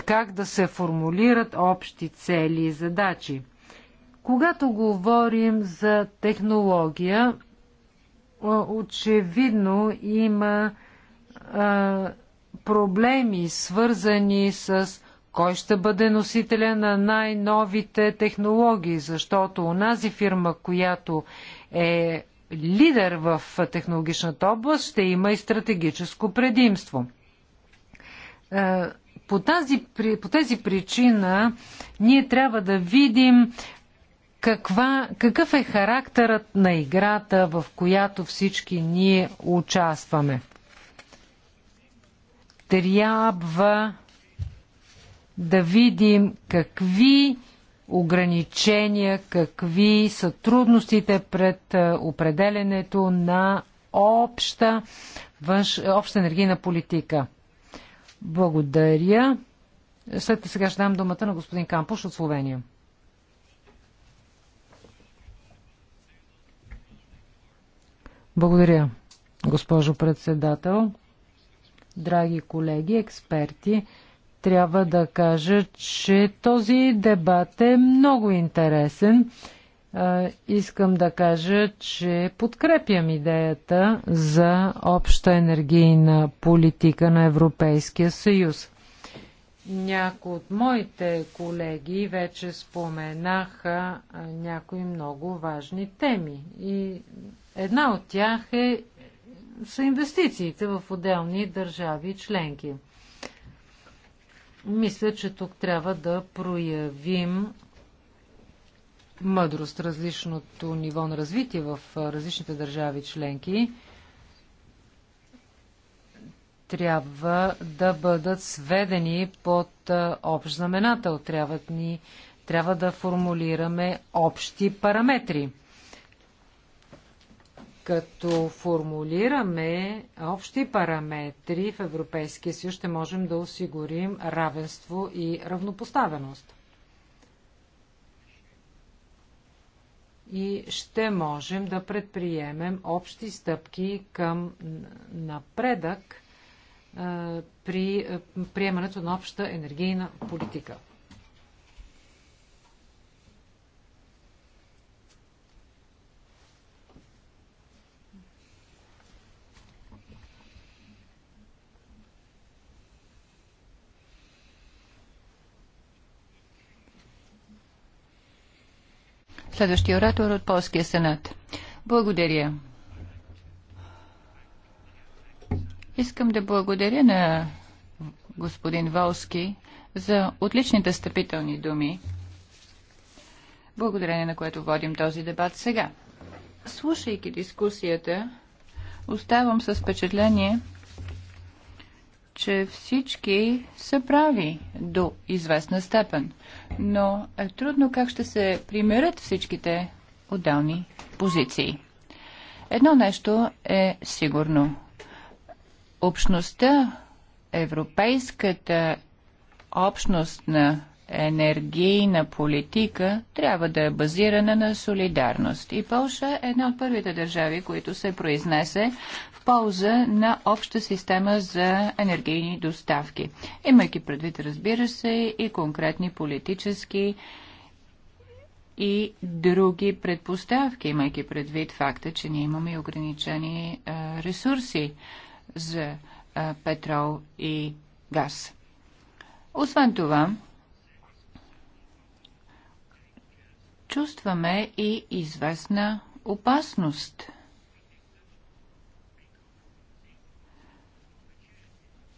как да се формулират общи цели и задачи. Когато говорим за технология, очевидно има а, проблеми, свързани с кой ще бъде носителя на най-новите технологии, защото онази фирма, която е лидер в технологичната област, ще има и стратегическо предимство. Е, по, тази, по тези причина ние трябва да видим каква, какъв е характерът на играта, в която всички ние участваме. Трябва да видим какви ограничения, какви са трудностите пред е, определенето на обща, външ, обща енергийна политика. Благодаря. След сега ще дам думата на господин Кампуш от Словения. Благодаря, госпожо председател, драги колеги, експерти трябва да кажа, че този дебат е много интересен. Искам да кажа, че подкрепям идеята за обща енергийна политика на Европейския съюз. Някои от моите колеги вече споменаха някои много важни теми. И една от тях е, са инвестициите в отделни държави членки – мисля, че тук трябва да проявим мъдрост, различното ниво на развитие в различните държави членки трябва да бъдат сведени под общ знаменател. Трябва, да формулираме общи параметри. Като формулираме общи параметри в Европейския съюз, ще можем да осигурим равенство и равнопоставеност. и ще можем да предприемем общи стъпки към напредък при приемането на обща енергийна политика. Следващия оратор от Полския сенат. Благодаря. Искам да благодаря на господин Волски за отличните стъпителни думи, благодарение на което водим този дебат сега. Слушайки дискусията, оставам с впечатление, че всички са прави до известна степен, но е трудно как ще се примерят всичките отделни позиции. Едно нещо е сигурно. Общността, европейската общност на енергийна политика трябва да е базирана на солидарност. И Полша е една от първите държави, които се произнесе в полза на обща система за енергийни доставки, имайки предвид, разбира се, и конкретни политически и други предпоставки, имайки предвид факта, че ние имаме ограничени ресурси за петрол и газ. Освен това, чувстваме и известна опасност.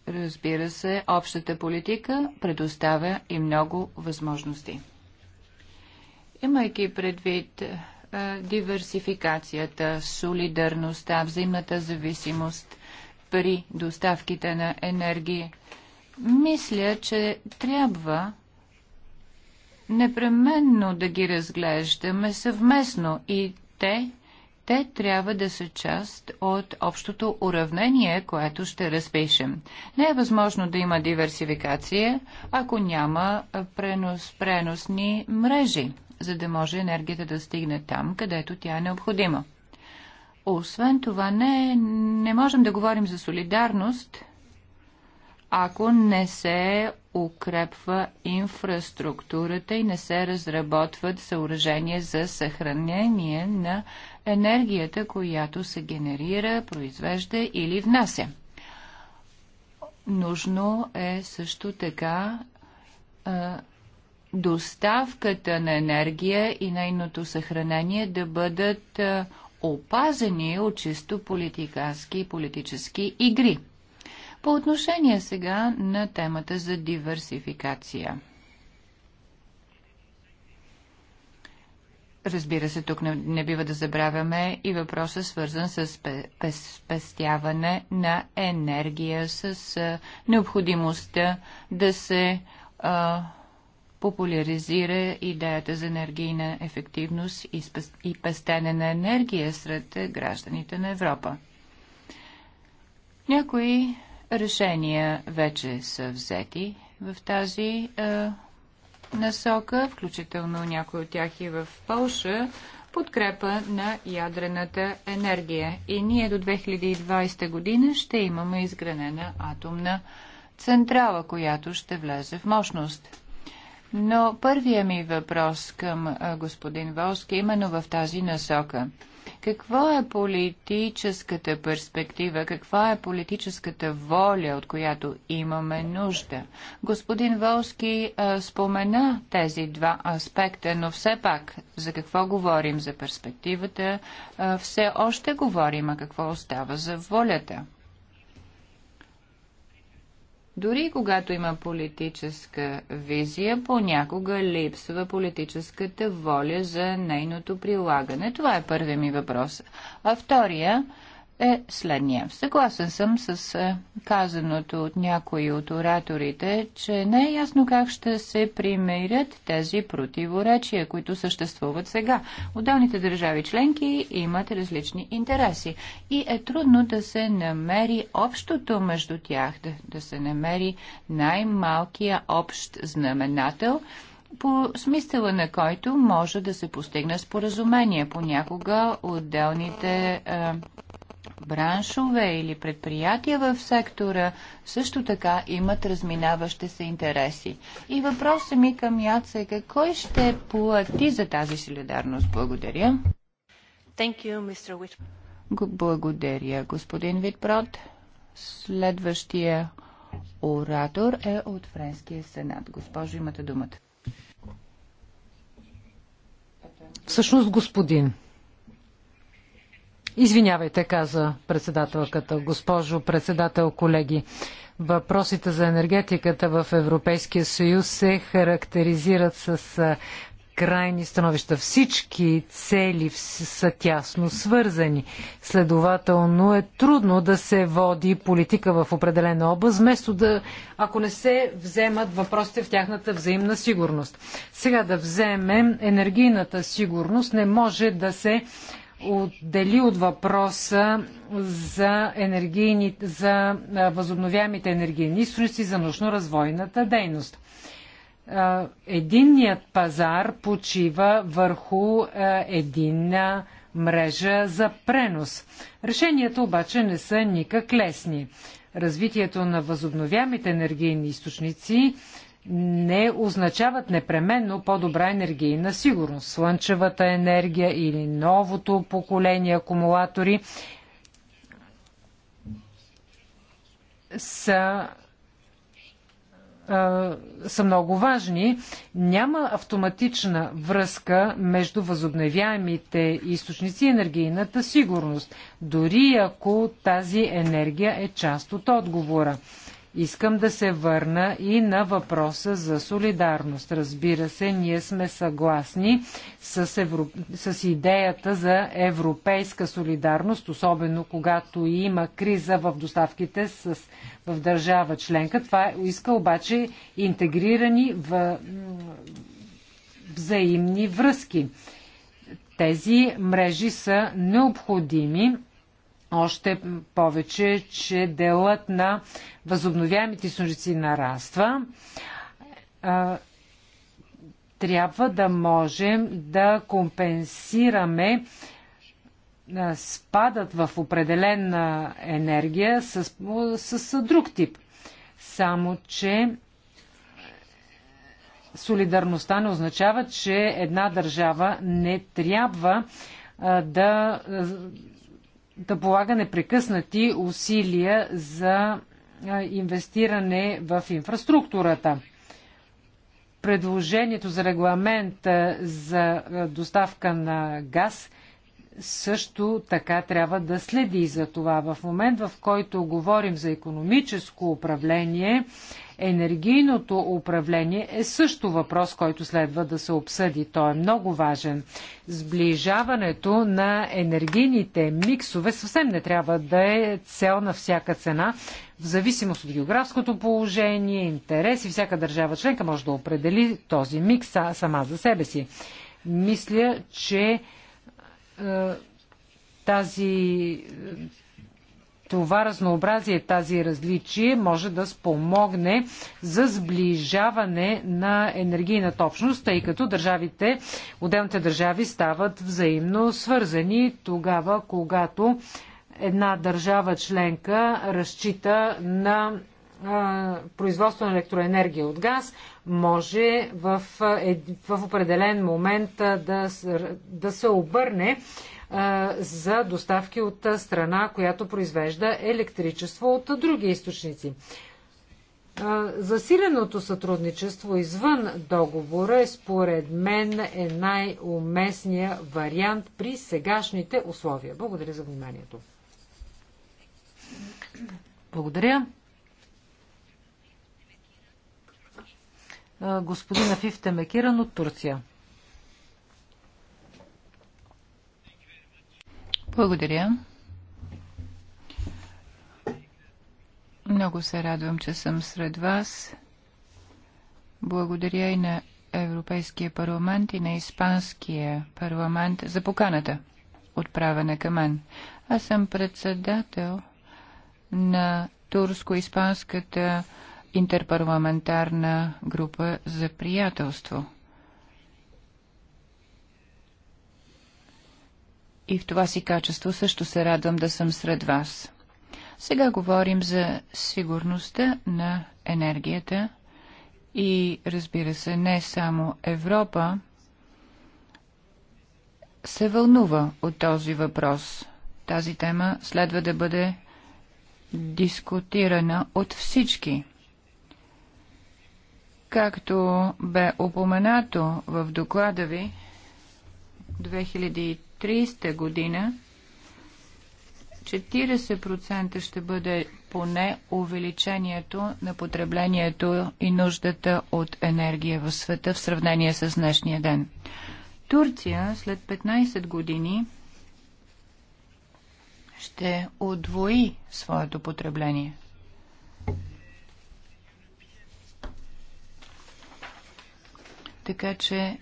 Разбира се, общата политика предоставя и много възможности. Имайки предвид е, диверсификацията, солидарността, взаимната зависимост при доставките на енергия, мисля, че трябва непременно да ги разглеждаме съвместно и те, те трябва да са част от общото уравнение, което ще разпишем. Не е възможно да има диверсификация, ако няма пренос, преносни мрежи, за да може енергията да стигне там, където тя е необходима. Освен това, не, не можем да говорим за солидарност – ако не се укрепва инфраструктурата и не се разработват съоръжения за съхранение на енергията, която се генерира, произвежда или внася. Нужно е също така доставката на енергия и нейното съхранение да бъдат опазени от чисто политикански и политически игри. По отношение сега на темата за диверсификация. Разбира се, тук не, не бива да забравяме и въпроса свързан с спестяване на енергия, с а, необходимостта да се а, популяризира идеята за енергийна ефективност и, спест, и пестене на енергия сред гражданите на Европа. Някои Решения вече са взети в тази е, насока, включително някои от тях и в Польша, подкрепа на ядрената енергия. И ние до 2020 година ще имаме изгранена атомна централа, която ще влезе в мощност. Но първия ми въпрос към господин Волски е именно в тази насока – какво е политическата перспектива, каква е политическата воля, от която имаме нужда? Господин Волски а, спомена тези два аспекта, но все пак за какво говорим за перспективата, а, все още говорим, а какво остава за волята. Дори когато има политическа визия, понякога липсва политическата воля за нейното прилагане. Това е първият ми въпрос. А втория е следния. Съгласен съм с е, казаното от някои от ораторите, че не е ясно как ще се примирят тези противоречия, които съществуват сега. Отделните държави членки имат различни интереси и е трудно да се намери общото между тях, да, да се намери най-малкия общ знаменател – по смисъла на който може да се постигне споразумение. Понякога отделните е, браншове или предприятия в сектора също така имат разминаващи се интереси. И въпросът ми към Яцека, е кой ще плати за тази солидарност? Благодаря. Thank you, Mr. Благодаря, господин Витпрод. Следващия оратор е от Френския сенат. Госпожо, имате думата. Всъщност, господин. Извинявайте, каза председателката. Госпожо председател, колеги, въпросите за енергетиката в Европейския съюз се характеризират с крайни становища. Всички цели са тясно свързани. Следователно е трудно да се води политика в определена област, вместо да, ако не се вземат въпросите в тяхната взаимна сигурност. Сега да вземем енергийната сигурност не може да се отдели от въпроса за, енергийни, за възобновяемите енергийни източници за научно-развойната дейност единният пазар почива върху единна мрежа за пренос. Решенията обаче не са никак лесни. Развитието на възобновяемите енергийни източници не означават непременно по-добра енергийна сигурност. Слънчевата енергия или новото поколение акумулатори са са много важни. Няма автоматична връзка между възобновяемите източници и енергийната сигурност, дори ако тази енергия е част от отговора. Искам да се върна и на въпроса за солидарност. Разбира се, ние сме съгласни с, евро... с идеята за европейска солидарност, особено когато има криза в доставките с... в държава членка. Това иска обаче интегрирани в... взаимни връзки. Тези мрежи са необходими още повече, че делът на възобновяемите източници нараства. Трябва да можем да компенсираме спадат в определена енергия с, с, с друг тип. Само, че солидарността не означава, че една държава не трябва да да полага непрекъснати усилия за инвестиране в инфраструктурата. Предложението за регламент за доставка на газ също така трябва да следи за това. В момент, в който говорим за економическо управление, Енергийното управление е също въпрос, който следва да се обсъди. Той е много важен. Сближаването на енергийните миксове съвсем не трябва да е цел на всяка цена. В зависимост от географското положение, интереси, всяка държава членка може да определи този микс сама за себе си. Мисля, че е, тази това разнообразие, тази различие може да спомогне за сближаване на енергийната общност, тъй като държавите, отделните държави стават взаимно свързани тогава, когато една държава членка разчита на производство на електроенергия от газ може в, е, в определен момент да, да се обърне за доставки от страна, която произвежда електричество от други източници. Засиленото сътрудничество извън договора е според мен е най-уместния вариант при сегашните условия. Благодаря за вниманието. Благодаря. Господина Фифте Мекиран от Турция. Благодаря. Много се радвам, че съм сред вас. Благодаря и на Европейския парламент и на Испанския парламент за поканата, отправена към мен. Аз съм председател на Турско-Испанската интерпарламентарна група за приятелство – и в това си качество също се радвам да съм сред вас. Сега говорим за сигурността на енергията и разбира се, не само Европа се вълнува от този въпрос. Тази тема следва да бъде дискутирана от всички. Както бе упоменато в доклада ви, 2030 година 40% ще бъде поне увеличението на потреблението и нуждата от енергия в света в сравнение с днешния ден. Турция след 15 години ще удвои своето потребление. Така че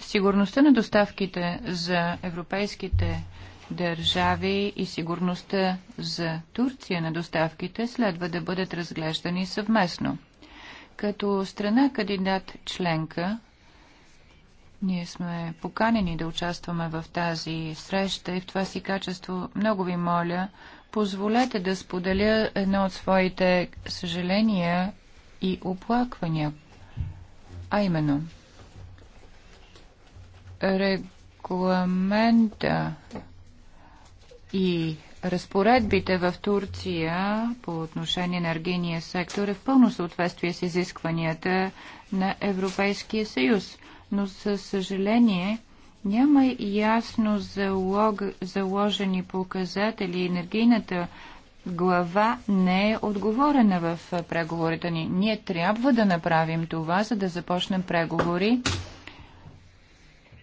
сигурността на доставките за европейските държави и сигурността за Турция на доставките следва да бъдат разглеждани съвместно. Като страна кандидат членка, ние сме поканени да участваме в тази среща и в това си качество много ви моля, позволете да споделя едно от своите съжаления и оплаквания, а именно – регламента и разпоредбите в Турция по отношение на енергийния сектор е в пълно съответствие с изискванията на Европейския съюз, но със съжаление няма ясно залог, заложени показатели. Енергийната глава не е отговорена в преговорите ни. Ние трябва да направим това, за да започнем преговори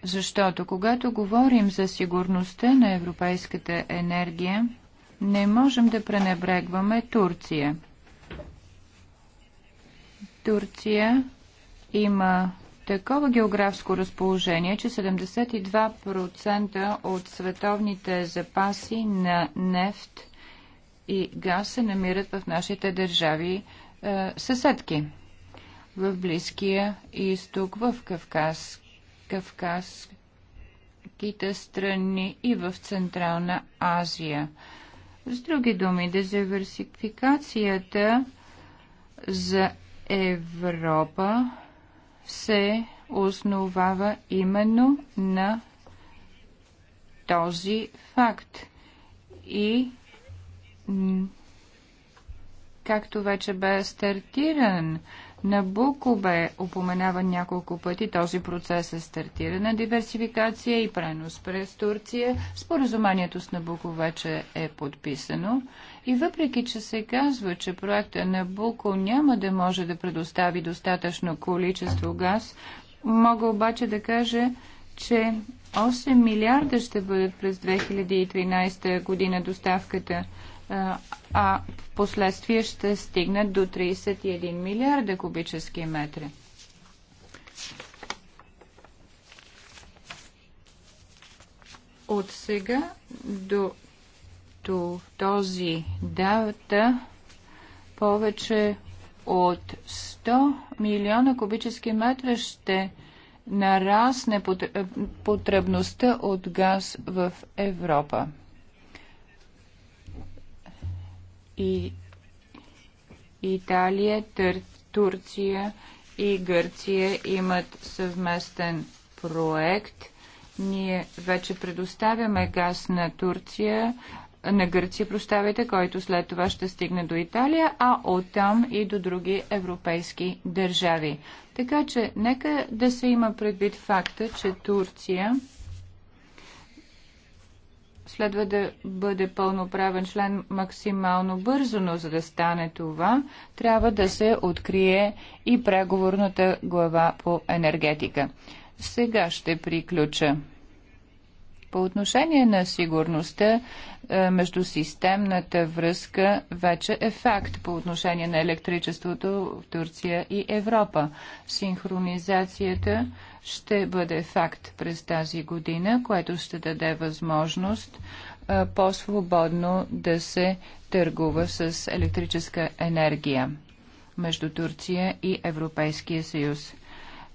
защото когато говорим за сигурността на европейската енергия, не можем да пренебрегваме Турция. Турция има такова географско разположение, че 72% от световните запаси на нефт и газ се намират в нашите държави е, съседки. В Близкия изток, в Кавказ, Кавказските страни и в Централна Азия. С други думи, дезаверсификацията за Европа се основава именно на този факт. И както вече бе стартиран Набуко бе упоменаван няколко пъти. Този процес е на диверсификация и пренос през Турция. Споразумението с Набуко вече е подписано. И въпреки, че се казва, че проекта Набуко няма да може да предостави достатъчно количество газ, мога обаче да кажа, че 8 милиарда ще бъдат през 2013 година доставката а в последствие ще стигнат до 31 милиарда кубически метри. От сега до, до този дата повече от 100 милиона кубически метра ще нарасне потребността от газ в Европа. и Италия, Тър, Турция и Гърция имат съвместен проект. Ние вече предоставяме газ на Турция, на Гърция, проставите, който след това ще стигне до Италия, а оттам и до други европейски държави. Така че, нека да се има предвид факта, че Турция следва да бъде пълноправен член максимално бързо, но за да стане това, трябва да се открие и преговорната глава по енергетика. Сега ще приключа. По отношение на сигурността, е, междусистемната връзка вече е факт по отношение на електричеството в Турция и Европа. Синхронизацията ще бъде факт през тази година, което ще даде възможност е, по-свободно да се търгува с електрическа енергия между Турция и Европейския съюз.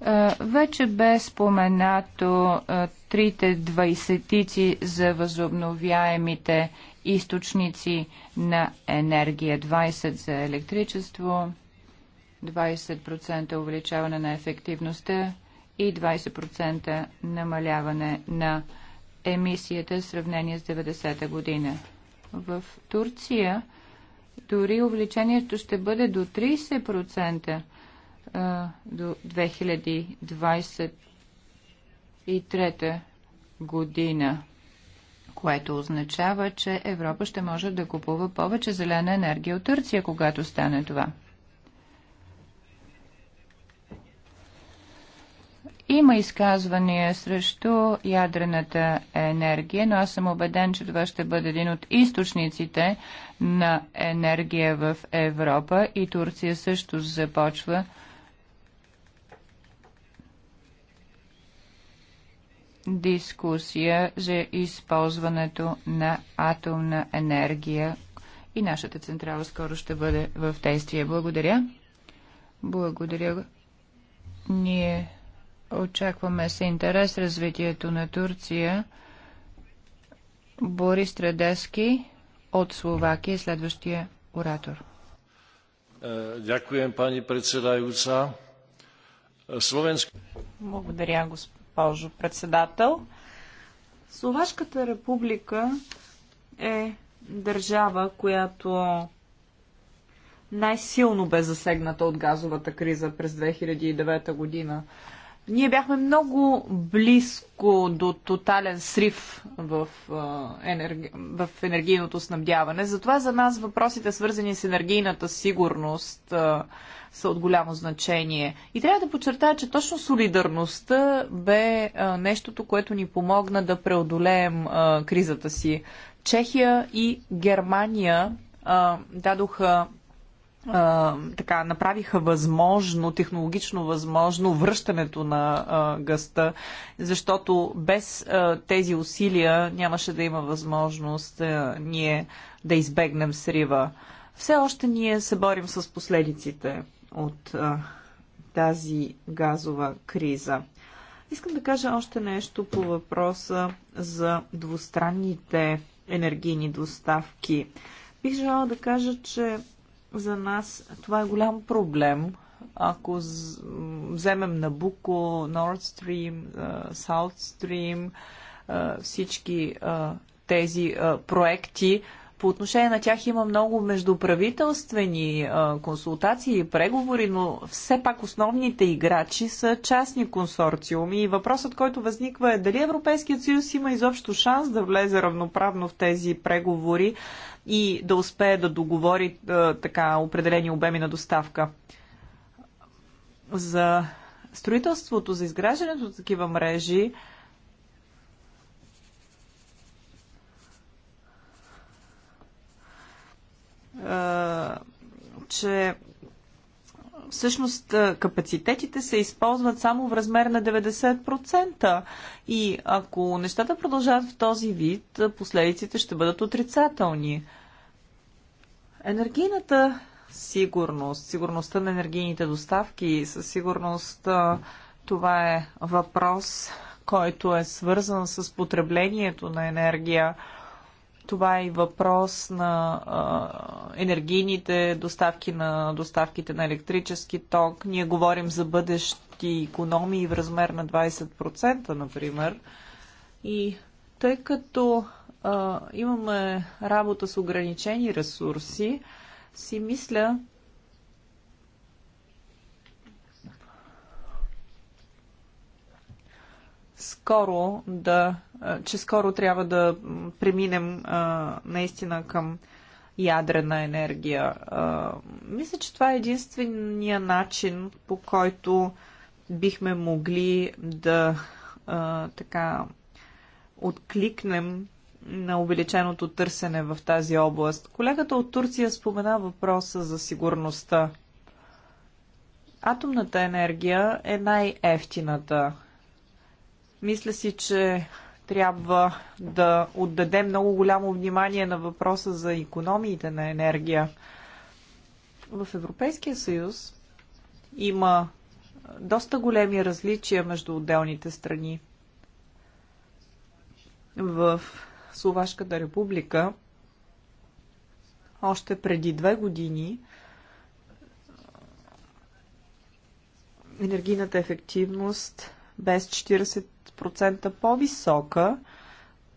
Е, вече бе споменато е, трите двайсетици за възобновяемите източници на енергия. 20 за електричество, 20% увеличаване на ефективността и 20% намаляване на емисията в сравнение с 90-та година. В Турция дори увеличението ще бъде до 30% до 2023 година, което означава, че Европа ще може да купува повече зелена енергия от Турция, когато стане това. Има изказвания срещу ядрената енергия, но аз съм убеден, че това ще бъде един от източниците на енергия в Европа и Турция също започва дискусия за използването на атомна енергия и нашата централа скоро ще бъде в действие. Благодаря. Благодаря. Ние очакваме с интерес развитието на Турция. Борис Традески от Словакия, следващия оратор. Е, дякуем, пани председаюца. Е, Благодаря, господин госпожо председател. Словашката република е държава, която най-силно бе засегната от газовата криза през 2009 година. Ние бяхме много близко до тотален срив в, енерги... в енергийното снабдяване. Затова за нас въпросите, свързани с енергийната сигурност, са от голямо значение. И трябва да подчертая, че точно солидарността бе нещото, което ни помогна да преодолеем кризата си. Чехия и Германия дадоха а, така, направиха възможно, технологично възможно връщането на а, гъста, защото без а, тези усилия нямаше да има възможност а, ние да избегнем срива. Все още ние се борим с последиците от а, тази газова криза. Искам да кажа още нещо по въпроса за двустранните енергийни доставки. Бих желала да кажа, че за нас това е голям проблем. Ако вземем Набуко, Nord Stream, South Stream, всички тези проекти, по отношение на тях има много междуправителствени консултации и преговори, но все пак основните играчи са частни консорциуми и въпросът, който възниква е дали Европейският съюз има изобщо шанс да влезе равноправно в тези преговори и да успее да договори е, така определени обеми на доставка. За строителството, за изграждането на такива мрежи, е, че всъщност капацитетите се използват само в размер на 90%. И ако нещата продължават в този вид, последиците ще бъдат отрицателни. Енергийната сигурност, сигурността на енергийните доставки, със сигурност това е въпрос, който е свързан с потреблението на енергия това е и въпрос на а, енергийните доставки, на доставките на електрически ток. Ние говорим за бъдещи економии в размер на 20%, например. И тъй като а, имаме работа с ограничени ресурси, си мисля, скоро да че скоро трябва да преминем наистина към ядрена енергия. Мисля, че това е единствения начин, по който бихме могли да така откликнем на увеличеното търсене в тази област. Колегата от Турция спомена въпроса за сигурността. Атомната енергия е най-ефтината. Мисля си, че трябва да отдадем много голямо внимание на въпроса за економиите на енергия. В Европейския съюз има доста големи различия между отделните страни. В Словашката република още преди две години енергийната ефективност без 40% по-висока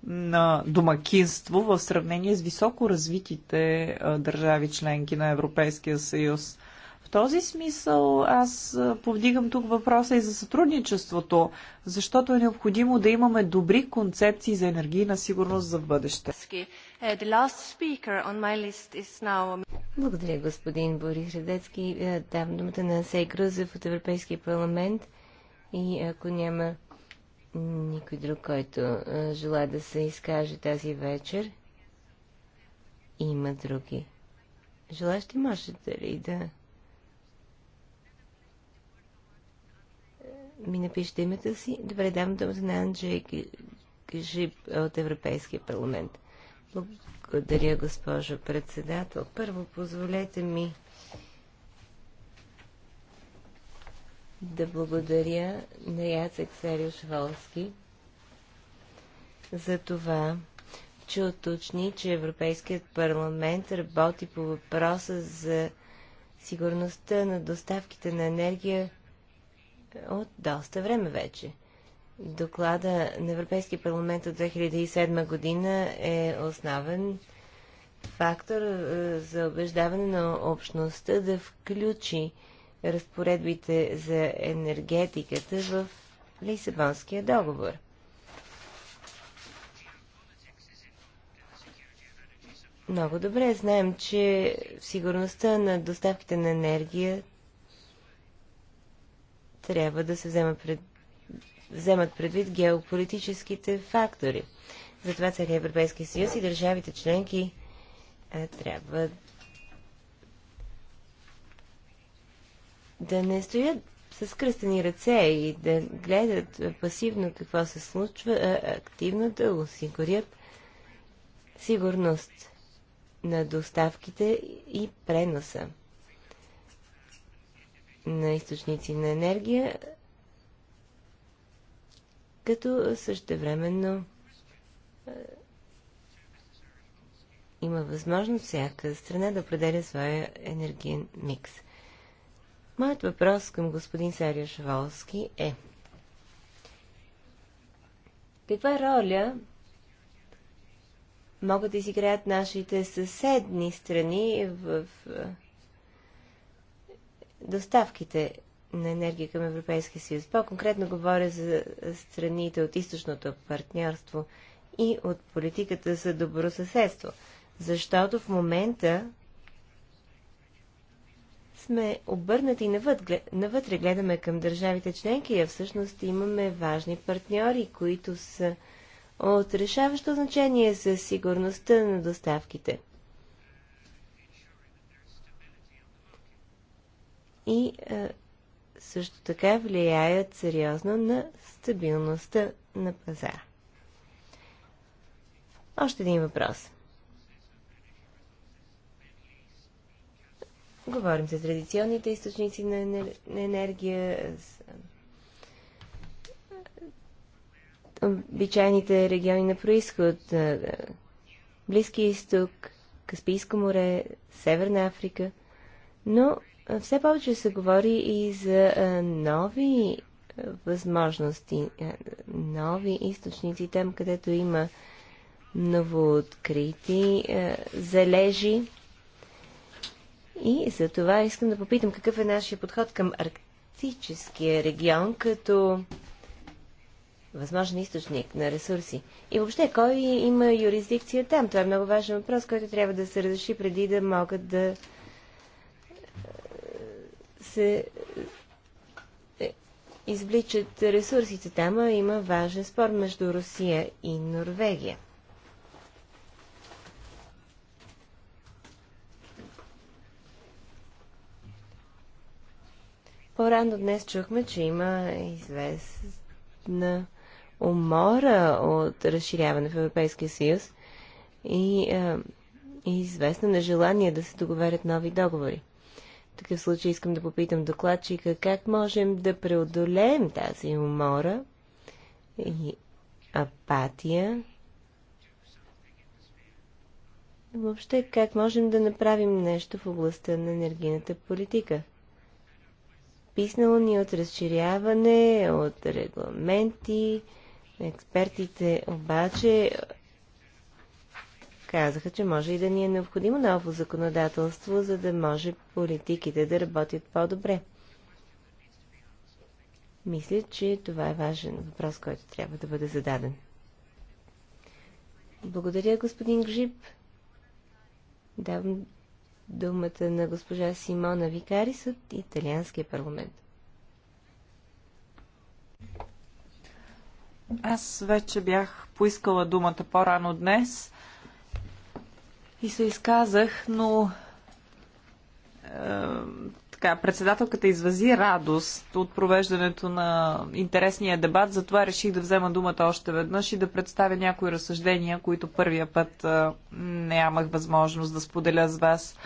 на домакинство в сравнение с високо развитите държави членки на Европейския съюз. В този смисъл аз повдигам тук въпроса и за сътрудничеството, защото е необходимо да имаме добри концепции за енергийна сигурност за бъдеще. Uh, Благодаря, господин Борис Редецки. Е, давам думата на Сейк Рузев от Европейския парламент. И ако няма никой друг, който желая да се изкаже тази вечер, има други. Желащи можете ли да ми напишете името си? Добре, давам думата на Анджей Гжип от Европейския парламент. Благодаря, госпожо председател. Първо, позволете ми да благодаря на Яцек Сериош Волски за това, че уточни, че Европейският парламент работи по въпроса за сигурността на доставките на енергия от доста време вече. Доклада на Европейския парламент от 2007 година е основен фактор е, за убеждаване на общността да включи разпоредбите за енергетиката в Лисабонския договор. Много добре знаем, че сигурността на доставките на енергия трябва да се взема пред, вземат предвид геополитическите фактори. Затова целият Европейски съюз и държавите членки трябва да не стоят с кръстени ръце и да гледат пасивно какво се случва, а активно да осигурят сигурност на доставките и преноса на източници на енергия, като същевременно има възможност всяка страна да определя своя енергиен микс. Моят въпрос към господин Сариош Шаволски е каква роля могат да изиграят нашите съседни страни в е, доставките на енергия към Европейския съюз. По-конкретно говоря за страните от източното партньорство и от политиката за добросъседство. Защото в момента сме обърнати навътре, навътре гледаме към държавите членки, а всъщност имаме важни партньори, които са от решаващо значение за сигурността на доставките. И а, също така влияят сериозно на стабилността на пазара. Още един въпрос. Говорим за традиционните източници на енергия, с обичайните региони на происход, Близки изток, Каспийско море, Северна Африка, но все повече се говори и за нови възможности, нови източници там, където има новооткрити залежи и за това искам да попитам какъв е нашия подход към арктическия регион като възможен източник на ресурси. И въобще, кой има юрисдикция там? Това е много важен въпрос, който трябва да се разреши преди да могат да е, се е, извличат ресурсите там, а има важен спор между Русия и Норвегия. По-рано днес чухме, че има известна умора от разширяване в Европейския съюз и, е, известно нежелание да се договарят нови договори. В такъв случай искам да попитам докладчика как можем да преодолеем тази умора и апатия. Въобще как можем да направим нещо в областта на енергийната политика – писнало ни от разширяване, от регламенти. Експертите обаче казаха, че може и да ни е необходимо ново законодателство, за да може политиките да работят по-добре. Мисля, че това е важен въпрос, който трябва да бъде зададен. Благодаря, господин Гжип. Давам думата на госпожа Симона Викарис от Италианския парламент. Аз вече бях поискала думата по-рано днес и се изказах, но е, така, председателката извази радост от провеждането на интересния дебат, затова реших да взема думата още веднъж и да представя някои разсъждения, които първия път не нямах възможност да споделя с вас.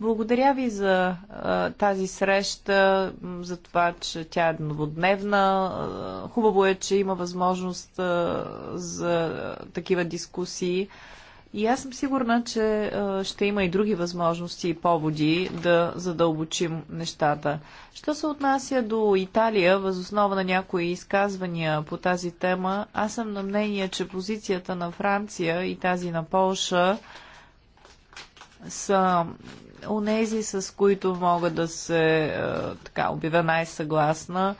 Благодаря ви за а, тази среща, за това, че тя е новодневна. Хубаво е, че има възможност а, за такива дискусии. И аз съм сигурна, че ще има и други възможности и поводи да задълбочим нещата. Що се отнася до Италия, възоснова на някои изказвания по тази тема, аз съм на мнение, че позицията на Франция и тази на Полша са онези, с които мога да се така обявя най-съгласна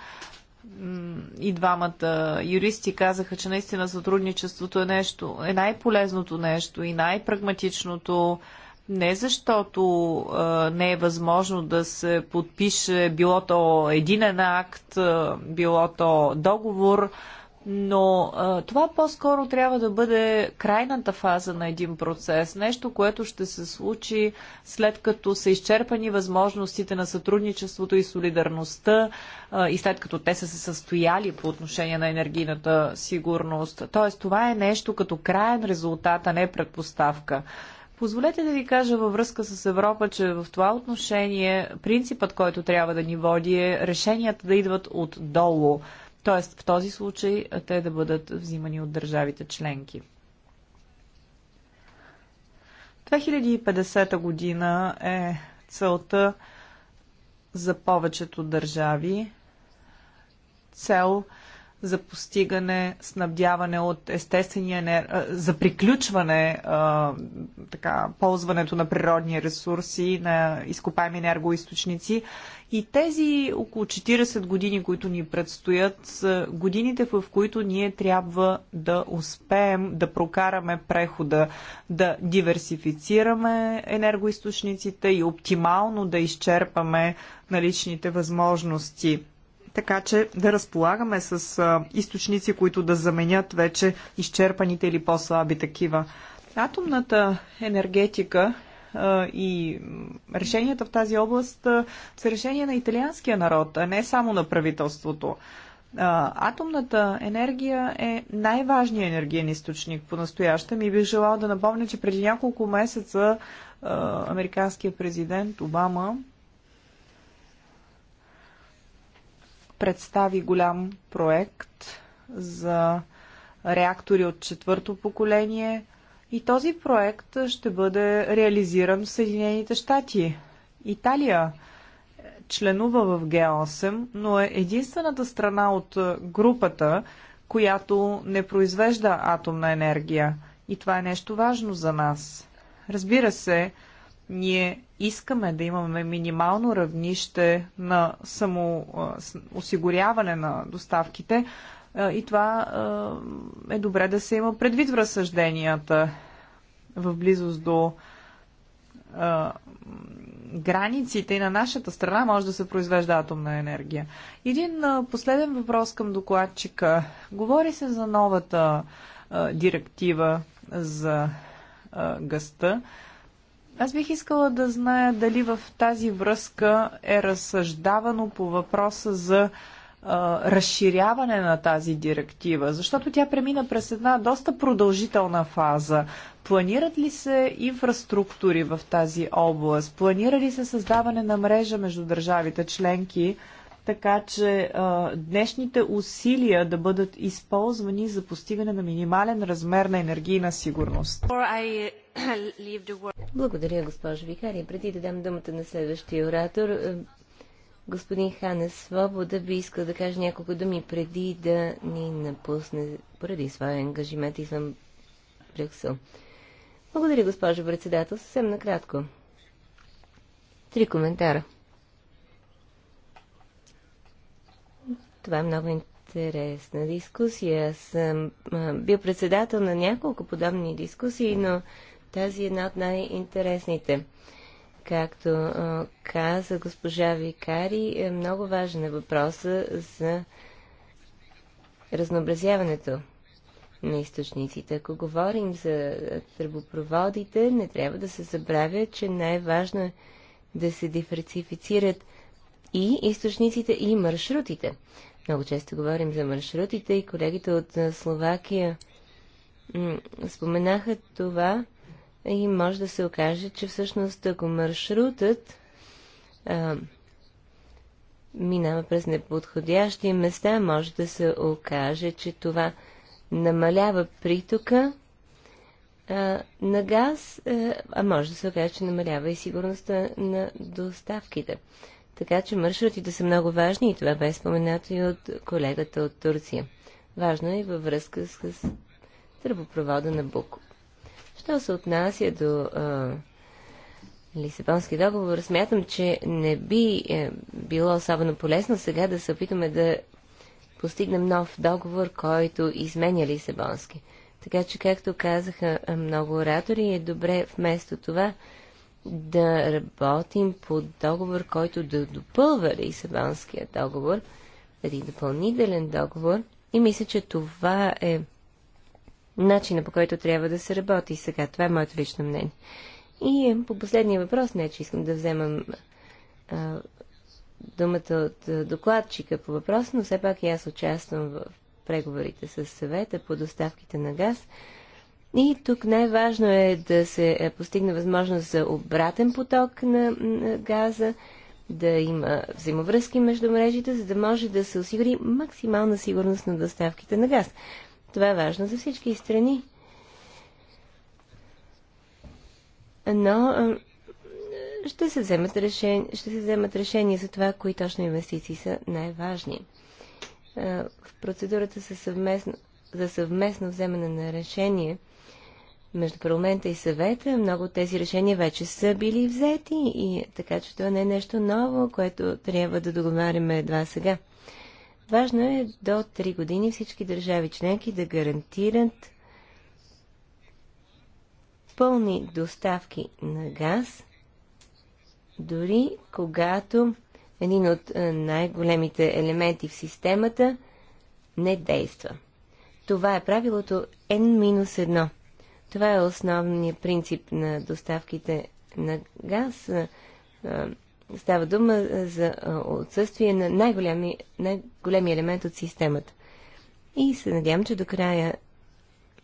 и двамата юристи казаха, че наистина сътрудничеството е нещо, е най-полезното нещо и най-прагматичното. Не защото а, не е възможно да се подпише било то единен акт, било то договор, но а, това по-скоро трябва да бъде крайната фаза на един процес, нещо, което ще се случи след като са изчерпани възможностите на сътрудничеството и солидарността а, и след като те са се състояли по отношение на енергийната сигурност. Тоест, това е нещо като краен резултат, а не предпоставка. Позволете да ви кажа във връзка с Европа, че в това отношение принципът, който трябва да ни води е решенията да идват отдолу. Т.е. в този случай те да бъдат взимани от държавите членки. 2050 година е целта за повечето държави. Цел – за постигане, снабдяване от естествения енер... за приключване а, така, ползването на природни ресурси, на изкопаеми енергоисточници. И тези около 40 години, които ни предстоят, са годините, в които ние трябва да успеем да прокараме прехода, да диверсифицираме енергоисточниците и оптимално да изчерпаме наличните възможности така че да разполагаме с източници, които да заменят вече изчерпаните или по-слаби такива. Атомната енергетика и решенията в тази област са решения на италианския народ, а не само на правителството. Атомната енергия е най-важният енергиен източник по-настоящем и бих желал да напомня, че преди няколко месеца американският президент Обама представи голям проект за реактори от четвърто поколение и този проект ще бъде реализиран в Съединените щати. Италия членува в Г8, но е единствената страна от групата, която не произвежда атомна енергия. И това е нещо важно за нас. Разбира се, ние искаме да имаме минимално равнище на самоосигуряване на доставките и това е добре да се има предвид в разсъжденията в близост до границите и на нашата страна може да се произвежда атомна енергия. Един последен въпрос към докладчика. Говори се за новата директива за гъста. Аз бих искала да зная дали в тази връзка е разсъждавано по въпроса за а, разширяване на тази директива, защото тя премина през една доста продължителна фаза. Планират ли се инфраструктури в тази област? Планира ли се създаване на мрежа между държавите членки? така че а, днешните усилия да бъдат използвани за постигане на минимален размер на енергийна сигурност. Благодаря, госпожо Вихари. Преди да дам думата на следващия оратор, е, господин Хана Свобода би искал да каже няколко думи преди да ни напусне поради своя ангажимент извън Брюксел. Благодаря, госпожо председател. Съвсем накратко. Три коментара. Това е много интересна дискусия. Аз съм бил председател на няколко подобни дискусии, но тази е една от най-интересните. Както а, каза госпожа Викари, е много важен е въпроса за разнообразяването на източниците. Ако говорим за тръбопроводите, не трябва да се забравя, че най-важно е да се диверсифицират и източниците, и маршрутите. Много често говорим за маршрутите и колегите от Словакия споменаха това, и може да се окаже, че всъщност ако маршрутът а, минава през неподходящи места, може да се окаже, че това намалява притока а, на газ, а, може да се окаже, че намалява и сигурността на доставките. Така че маршрутите са много важни и това бе споменато и от колегата от Турция. Важно е във връзка с тръбопровода на Буко. Що се отнася до а, Лисабонски договор, смятам, че не би е, било особено полезно сега да се опитаме да постигнем нов договор, който изменя Лисабонски. Така че, както казаха много оратори, е добре вместо това да работим по договор, който да допълва Лисабонския договор, един допълнителен договор. И мисля, че това е начина по който трябва да се работи сега. Това е моето лично мнение. И е, по последния въпрос, не че искам да вземам а, думата от докладчика по въпрос, но все пак и аз участвам в преговорите с съвета по доставките на газ. И тук най-важно е да се е, постигне възможност за обратен поток на, газа, да има взаимовръзки между мрежите, за да може да се осигури максимална сигурност на доставките на газ. Това е важно за всички страни. Но ще се вземат решен... ще се вземат решения за това, кои точно инвестиции са най-важни. В процедурата за съвместно, за съвместно вземане на решение между парламента и съвета, много от тези решения вече са били взети и така че това не е нещо ново, което трябва да договаряме едва сега. Важно е до 3 години всички държави членки да гарантират пълни доставки на газ, дори когато един от е, най-големите елементи в системата не действа. Това е правилото N-1. Това е основният принцип на доставките на газ. Е, е, Става дума за отсъствие на най-големи, най-големи елемент от системата. И се надявам, че до края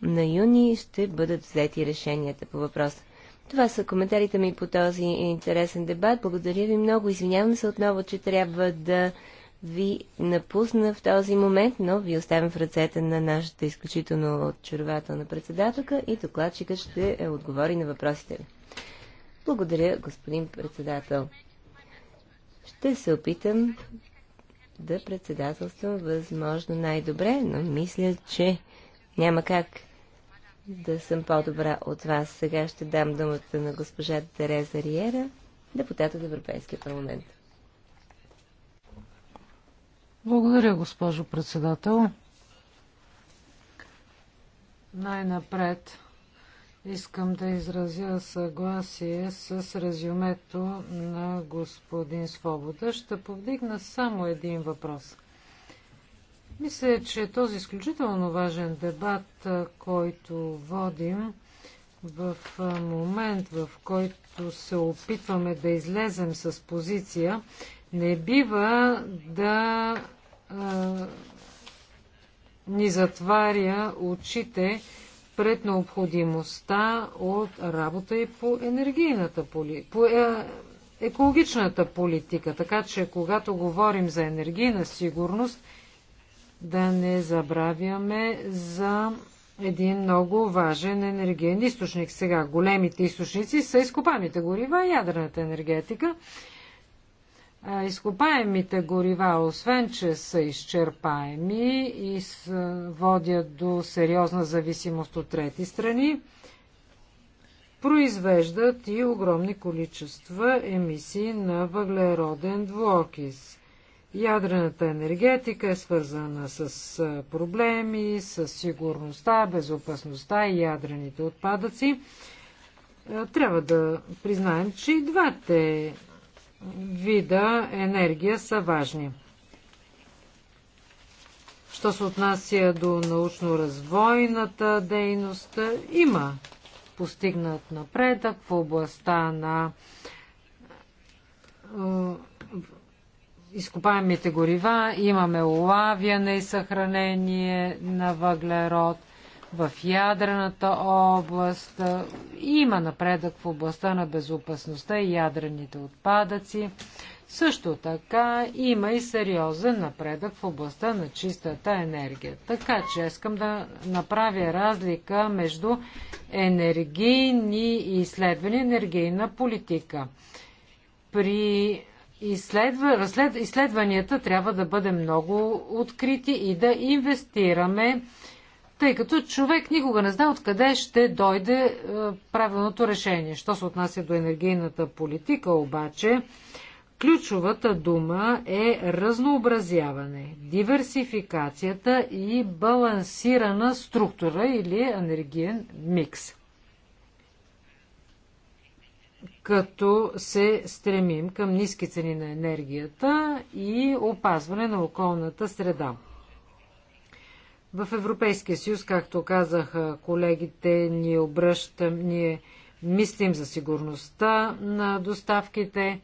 на юни ще бъдат взети решенията по въпроса. Това са коментарите ми по този интересен дебат. Благодаря ви много. Извинявам се отново, че трябва да ви напусна в този момент, но ви оставям в ръцете на нашата изключително очарователна председателка и докладчика ще е отговори на въпросите ви. Благодаря, господин председател. Ще се опитам да председателствам възможно най-добре, но мисля, че няма как да съм по-добра от вас. Сега ще дам думата на госпожа Тереза Риера, депутат от Европейския парламент. Благодаря, госпожо председател. Най-напред Искам да изразя съгласие с резюмето на господин Свобода. Ще повдигна само един въпрос. Мисля, че този изключително важен дебат, който водим в момент, в който се опитваме да излезем с позиция, не бива да а, ни затваря очите пред необходимостта от работа и по енергийната политика, по е, екологичната политика. Така че, когато говорим за енергийна сигурност, да не забравяме за един много важен енергиен източник. Сега големите източници са изкопаните горива и ядрената енергетика изкопаемите горива, освен че са изчерпаеми и водят до сериозна зависимост от трети страни, произвеждат и огромни количества емисии на въглероден двуокис. Ядрената енергетика е свързана с проблеми, с сигурността, безопасността и ядрените отпадъци. Трябва да признаем, че и двете вида енергия са важни. Що се отнася до научно-развойната дейност, има постигнат напредък в областта на е, изкопаемите горива, имаме улавяне и съхранение на въглерод, в ядрената област. Има напредък в областта на безопасността и ядрените отпадъци. Също така има и сериозен напредък в областта на чистата енергия. Така че искам да направя разлика между енергийни изследвания, енергийна политика. При изследва, разслед, изследванията трябва да бъдем много открити и да инвестираме тъй като човек никога не знае откъде ще дойде е, правилното решение. Що се отнася до енергийната политика обаче, ключовата дума е разнообразяване, диверсификацията и балансирана структура или енергиен микс. Като се стремим към ниски цени на енергията и опазване на околната среда. В Европейския съюз, както казах колегите, ние обръщам, ние мислим за сигурността на доставките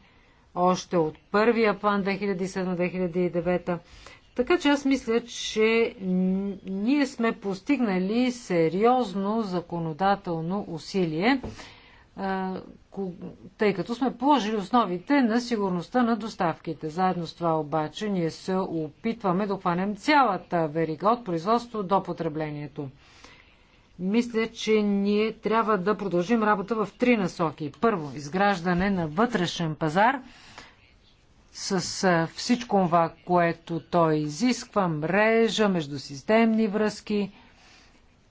още от първия план 2007-2009. Така че аз мисля, че ние сме постигнали сериозно законодателно усилие, тъй като сме положили основите на сигурността на доставките. Заедно с това обаче ние се опитваме да хванем цялата верига от производство до потреблението. Мисля, че ние трябва да продължим работа в три насоки. Първо, изграждане на вътрешен пазар с всичко това, което той изисква, мрежа, междусистемни връзки –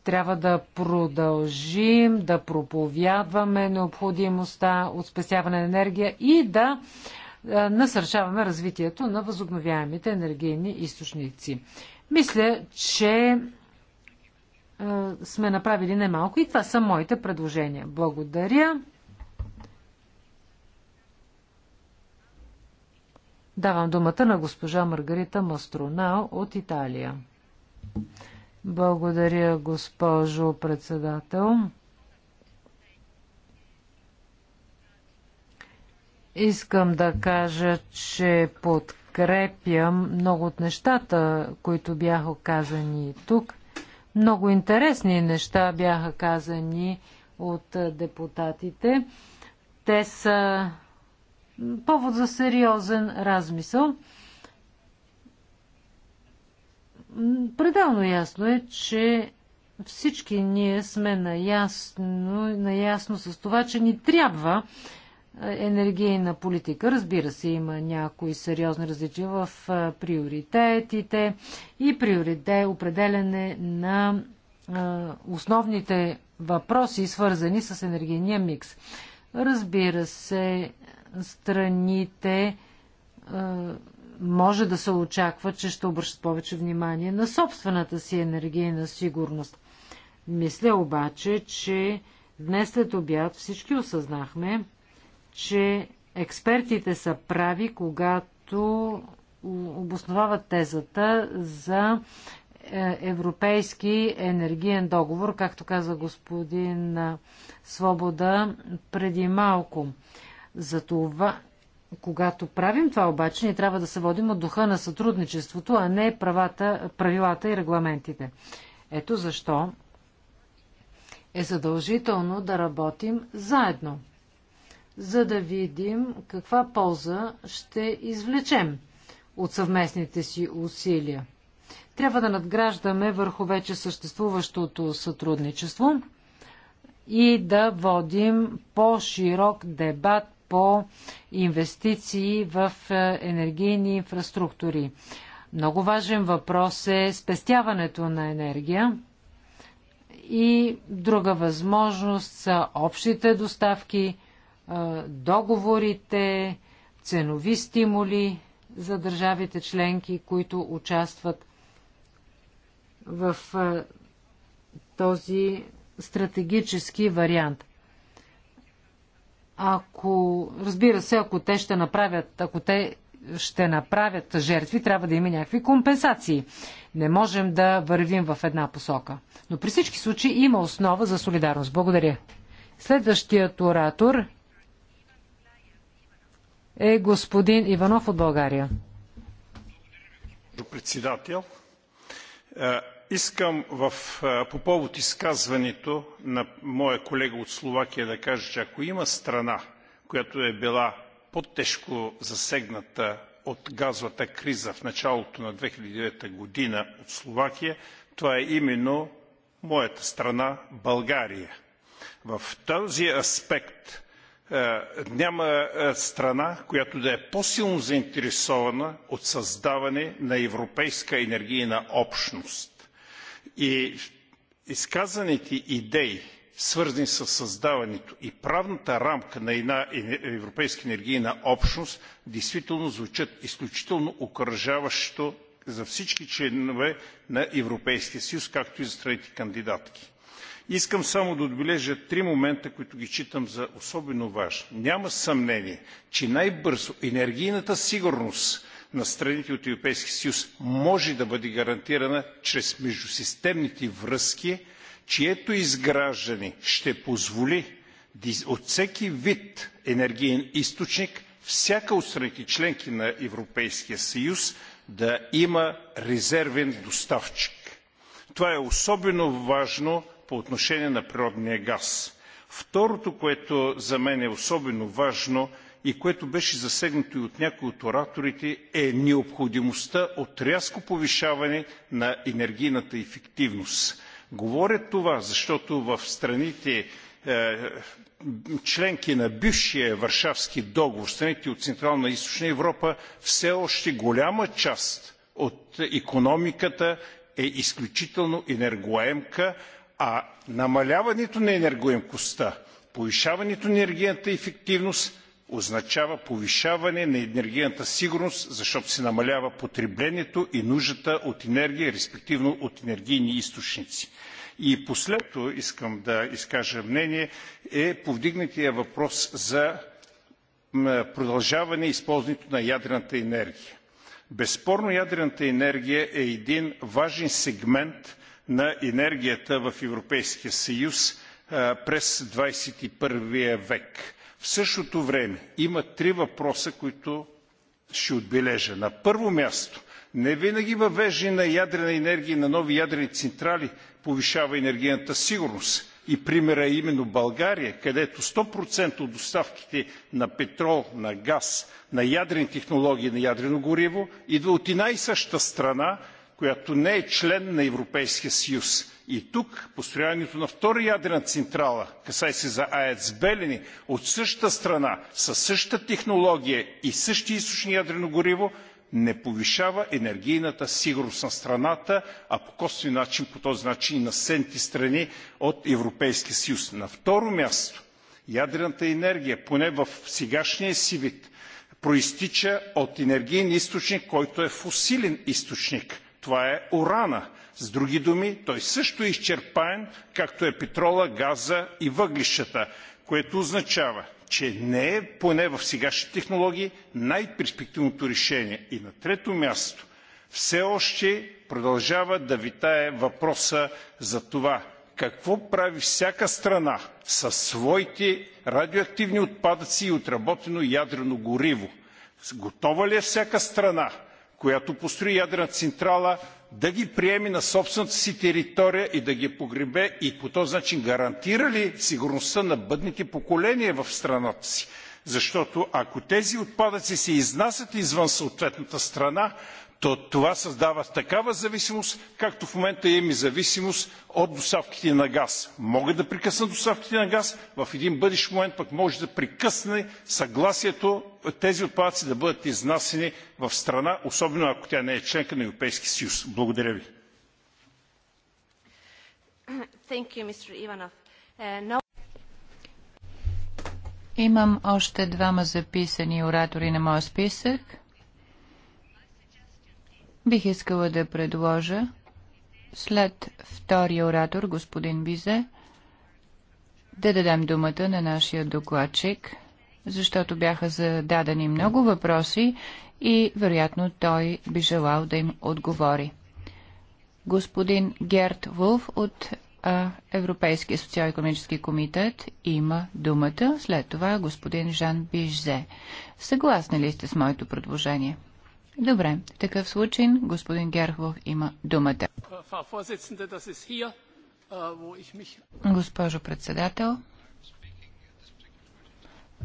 трябва да продължим да проповядваме необходимостта от спесяване на енергия и да е, насърчаваме развитието на възобновяемите енергийни източници. Мисля, че е, сме направили немалко и това са моите предложения. Благодаря. Давам думата на госпожа Маргарита Мастронал от Италия. Благодаря, госпожо председател. Искам да кажа, че подкрепям много от нещата, които бяха казани тук. Много интересни неща бяха казани от депутатите. Те са повод за сериозен размисъл. Пределно ясно е, че всички ние сме наясно, наясно с това, че ни трябва е, енергийна политика. Разбира се, има някои сериозни различия в е, приоритетите и приоритет определене на е, основните въпроси, свързани с енергийния микс. Разбира се, страните може да се очаква, че ще обръщат повече внимание на собствената си енергийна сигурност. Мисля обаче, че днес след обяд всички осъзнахме, че експертите са прави, когато обосновават тезата за е, Европейски енергиен договор, както каза господин Свобода преди малко. За това когато правим това обаче, ние трябва да се водим от духа на сътрудничеството, а не правата, правилата и регламентите. Ето защо е задължително да работим заедно, за да видим каква полза ще извлечем от съвместните си усилия. Трябва да надграждаме върху вече съществуващото сътрудничество и да водим по-широк дебат по инвестиции в е, енергийни инфраструктури. Много важен въпрос е спестяването на енергия. И друга възможност са общите доставки, е, договорите, ценови стимули за държавите членки, които участват в е, този стратегически вариант. Ако, разбира се, ако те ще направят, ако те ще направят жертви, трябва да има някакви компенсации. Не можем да вървим в една посока. Но при всички случаи има основа за солидарност. Благодаря. Следващият оратор е господин Иванов от България. Председател, е, искам по повод изказването на моя колега от Словакия да кажа, че ако има страна, която е била по-тежко засегната от газовата криза в началото на 2009 година от Словакия, това е именно моята страна България. В този аспект няма страна, която да е по-силно заинтересована от създаване на Европейска енергийна общност и изказаните идеи, свързани с създаването и правната рамка на една европейска енергийна общност, действително звучат изключително окуражаващо за всички членове на Европейския съюз, както и за страните кандидатки. Искам само да отбележа три момента, които ги считам за особено важни. Няма съмнение, че най-бързо енергийната сигурност на страните от Европейския съюз може да бъде гарантирана чрез междусистемните връзки, чието изграждане ще позволи от всеки вид енергиен източник всяка от страните – членки на Европейския съюз, да има резервен доставчик. Това е особено важно по отношение на природния газ. Второто, което за мен е особено важно, и което беше засегнато и от някои от ораторите, е необходимостта от рязко повишаване на енергийната ефективност. Говоря това, защото в страните е, членки на бившия Варшавски договор, страните от Централна и Източна Европа, все още голяма част от икономиката е изключително енергоемка, а намаляването на енергоемкостта, повишаването на енергийната ефективност означава повишаване на енергийната сигурност, защото се намалява потреблението и нуждата от енергия, респективно от енергийни източници. И последното искам да изкажа мнение е повдигнатия въпрос за продължаване използването на ядрената енергия. Безспорно ядрената енергия е един важен сегмент на енергията в Европейския съюз през 21 век. В същото време има три въпроса, които ще отбележа. На първо място, не винаги въвеждане на ядрена енергия на нови ядрени централи повишава енергийната сигурност. И примера е именно България, където 100% от доставките на петрол, на газ, на ядрени технологии, на ядрено гориво идва от една и съща страна, която не е член на Европейския съюз. И тук построяването на втора ядрена централа, касае се за АЕЦ белени, от същата страна, със същата технология и същия източни ядрено гориво, не повишава енергийната сигурност на страната, а по косвен начин по този начин и на сенти страни от Европейския съюз. На второ място, ядрената енергия, поне в сегашния си вид, проистича от енергийния източник, който е фосилен източник това е урана. С други думи, той също е изчерпаем, както е петрола, газа и въглищата, което означава, че не е, поне в сегашните технологии, най-перспективното решение. И на трето място, все още продължава да витае въпроса за това какво прави всяка страна със своите радиоактивни отпадъци и отработено ядрено гориво. Готова ли е всяка страна която построи ядрена централа, да ги приеме на собствената си територия и да ги погребе и по този начин гарантира ли сигурността на бъдните поколения в страната си? Защото ако тези отпадъци се изнасят извън съответната страна, то това създава такава зависимост, както в момента имаме зависимост от доставките на газ. Могат да прекъснат доставките на газ, в един бъдещ момент пък може да прекъсне съгласието тези отпадъци да бъдат изнасени в страна, особено ако тя не е членка на Европейския съюз. Благодаря ви. Е, Имам още двама записани оратори на моя списък. Бих искала да предложа след втория оратор, господин Бизе, да дадем думата на нашия докладчик, защото бяха зададени много въпроси и вероятно той би желал да им отговори. Господин Герт Вулф от а, Европейския социал-економически комитет има думата. След това господин Жан Бижзе. Съгласни ли сте с моето предложение? Добре, в такъв случай господин Герхов има думата. Госпожо председател,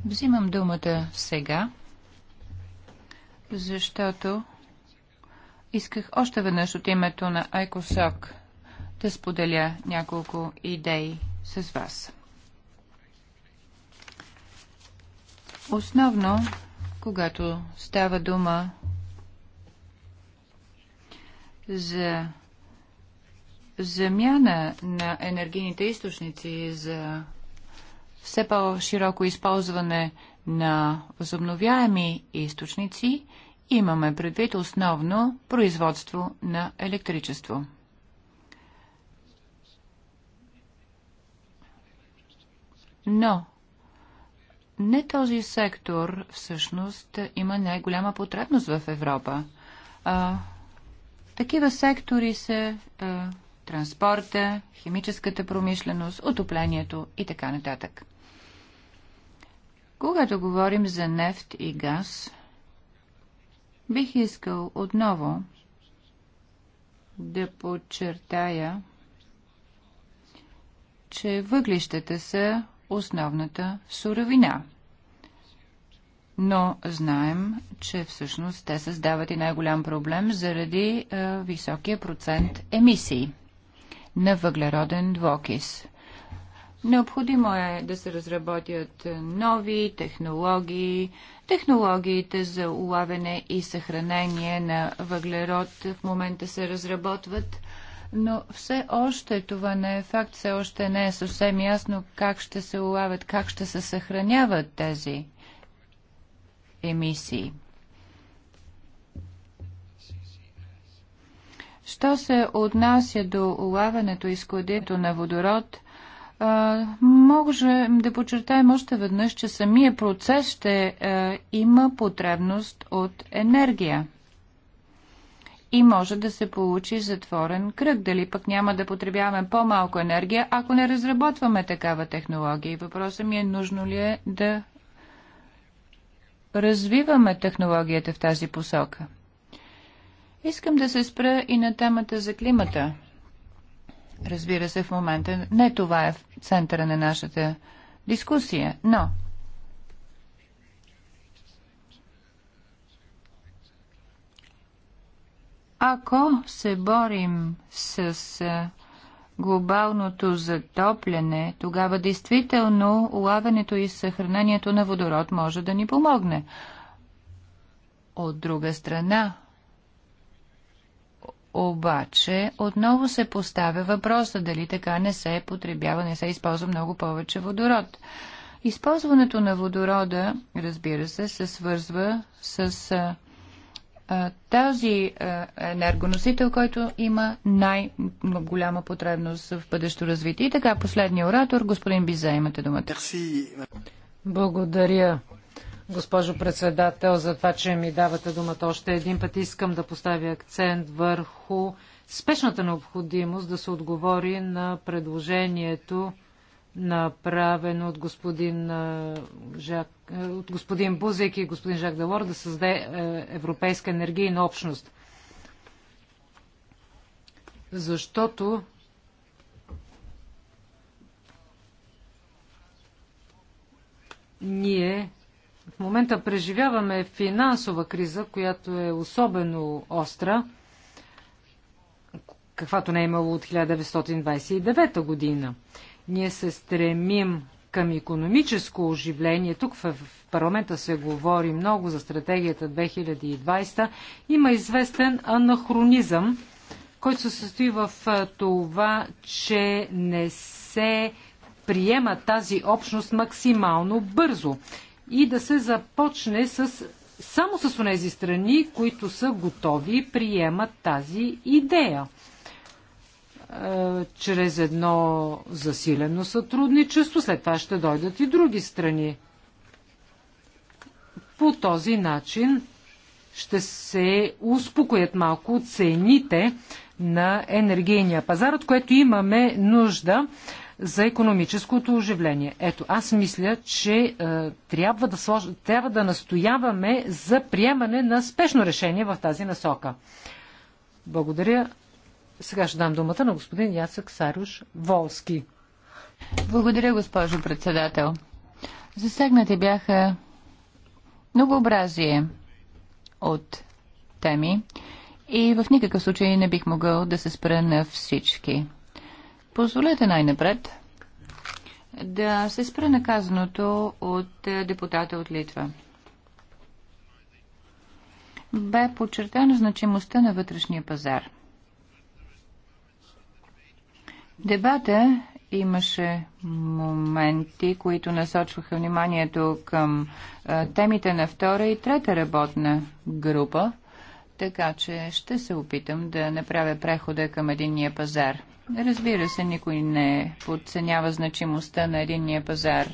взимам думата сега, защото исках още веднъж от името на Айкосок да споделя няколко идеи с вас. Основно, когато става дума за замяна на енергийните източници за все по-широко използване на възобновяеми източници, имаме предвид основно производство на електричество. Но не този сектор всъщност има най-голяма потребност в Европа. А, такива сектори са а, транспорта, химическата промишленост, отоплението и така нататък. Когато говорим за нефт и газ, бих искал отново да подчертая, че въглищата са основната суровина – но знаем, че всъщност те създават и най-голям проблем заради е, високия процент емисии на въглероден двокис. Необходимо е да се разработят е, нови технологии. Технологиите за улавяне и съхранение на въглерод в момента се разработват, но все още това не е факт, все още не е съвсем ясно как ще се улавят, как ще се съхраняват тези емисии. Що се отнася до улавянето и складето на водород, може да подчертаем още веднъж, че самия процес ще има потребност от енергия и може да се получи затворен кръг. Дали пък няма да потребяваме по-малко енергия, ако не разработваме такава технология? Въпросът ми е нужно ли е да развиваме технологията в тази посока. Искам да се спра и на темата за климата. Разбира се, в момента не това е в центъра на нашата дискусия, но ако се борим с глобалното затопляне, тогава действително улавянето и съхранението на водород може да ни помогне. От друга страна, обаче, отново се поставя въпроса дали така не се потребява, не се използва много повече водород. Използването на водорода, разбира се, се свързва с този енергоносител, който има най-голяма потребност в бъдещо развитие. И така, последния оратор, господин Бизе, имате думата. Благодаря, госпожо председател, за това, че ми давате думата още един път. Искам да поставя акцент върху спешната необходимост да се отговори на предложението направено от господин, Жак, от господин Бузек и господин Жак Делор да създаде Европейска енергийна общност. Защото ние в момента преживяваме финансова криза, която е особено остра, каквато не е имало от 1929 година. Ние се стремим към економическо оживление. Тук в парламента се говори много за стратегията 2020. Има известен анахронизъм, който се състои в това, че не се приема тази общност максимално бързо и да се започне с, само с тези страни, които са готови и приемат тази идея. Е, чрез едно засилено сътрудничество. След това ще дойдат и други страни. По този начин ще се успокоят малко цените на енергийния пазар, от което имаме нужда за економическото оживление. Ето, аз мисля, че е, трябва, да слож... трябва да настояваме за приемане на спешно решение в тази насока. Благодаря. Сега ще дам думата на господин Ясък Саруш Волски. Благодаря, госпожо председател. Засегнати бяха многообразие от теми и в никакъв случай не бих могъл да се спра на всички. Позволете най-напред да се спра наказаното от депутата от Литва. Бе подчертана значимостта на вътрешния пазар – Дебата имаше моменти, които насочваха вниманието към а, темите на втора и трета работна група, така че ще се опитам да направя прехода към единния пазар. Разбира се, никой не подценява значимостта на единния пазар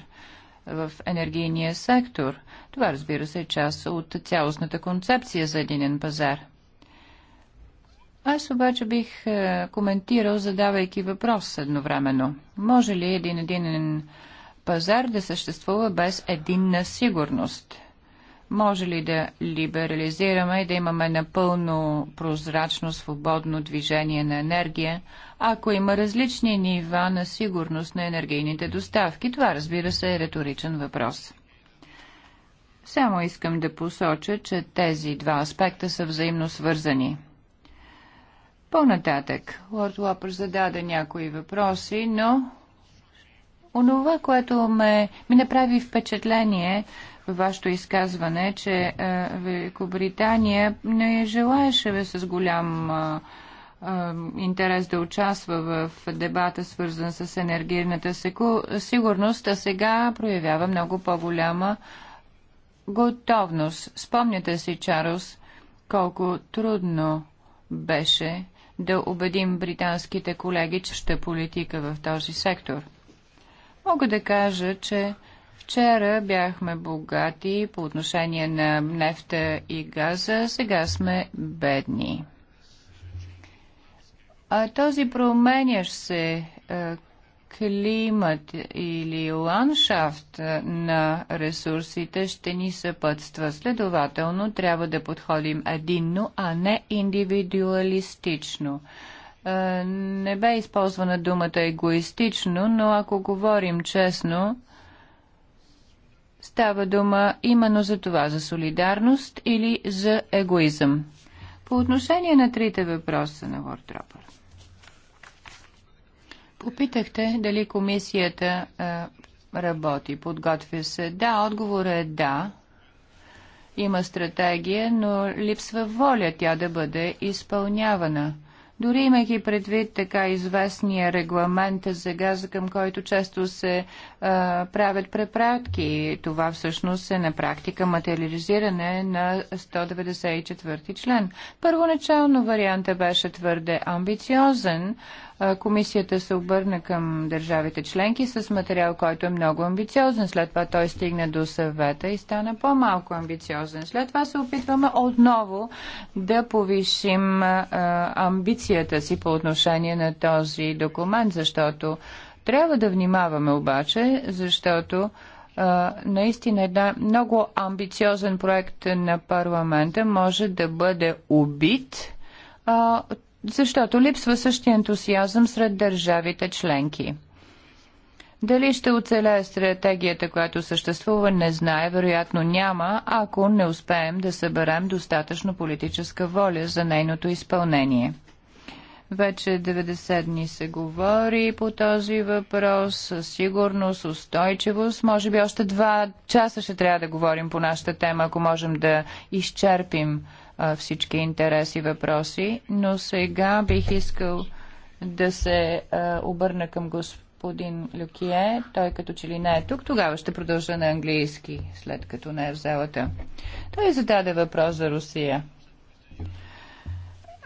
в енергийния сектор. Това, разбира се, е част от цялостната концепция за единен пазар – аз обаче бих е, коментирал, задавайки въпрос едновременно. Може ли един единен пазар да съществува без единна сигурност? Може ли да либерализираме и да имаме напълно прозрачно, свободно движение на енергия, ако има различни нива на сигурност на енергийните доставки? Това, разбира се, е риторичен въпрос. Само искам да посоча, че тези два аспекта са взаимно свързани. По-нататък, Лорд Лопър зададе някои въпроси, но онова, което ме, ми направи впечатление в вашето изказване, че е, Великобритания не желаеше с голям е, е интерес да участва в дебата, свързан с енергийната сигурност, а сега проявява много по-голяма готовност. Спомняте си, Чарлз, колко трудно беше да убедим британските колеги, че ще е политика в този сектор. Мога да кажа, че Вчера бяхме богати по отношение на нефта и газа, сега сме бедни. А този променящ се е, климат или ландшафт на ресурсите ще ни съпътства. Следователно, трябва да подходим единно, а не индивидуалистично. Е, не бе използвана думата егоистично, но ако говорим честно, става дума именно за това, за солидарност или за егоизъм. По отношение на трите въпроса на Вортропър – Попитахте дали комисията а, работи, подготвя се. Да, отговорът е да. Има стратегия, но липсва воля тя да бъде изпълнявана. Дори имайки предвид така известния регламент за газа, към който често се правят препратки. Това всъщност е на практика материализиране на 194 член. Първоначално варианта беше твърде амбициозен. Комисията се обърна към държавите членки с материал, който е много амбициозен. След това той стигна до съвета и стана по-малко амбициозен. След това се опитваме отново да повишим амбицията си по отношение на този документ, защото трябва да внимаваме обаче, защото а, наистина една много амбициозен проект на парламента може да бъде убит, а, защото липсва същия ентусиазъм сред държавите членки. Дали ще оцелее стратегията, която съществува, не знае, вероятно няма, ако не успеем да съберем достатъчно политическа воля за нейното изпълнение. Вече 90 дни се говори по този въпрос. Сигурност, устойчивост. Може би още два часа ще трябва да говорим по нашата тема, ако можем да изчерпим всички интереси и въпроси. Но сега бих искал да се обърна към господин Люкие. Той като че ли не е тук, тогава ще продължа на английски, след като не е в залата. Той зададе въпрос за Русия.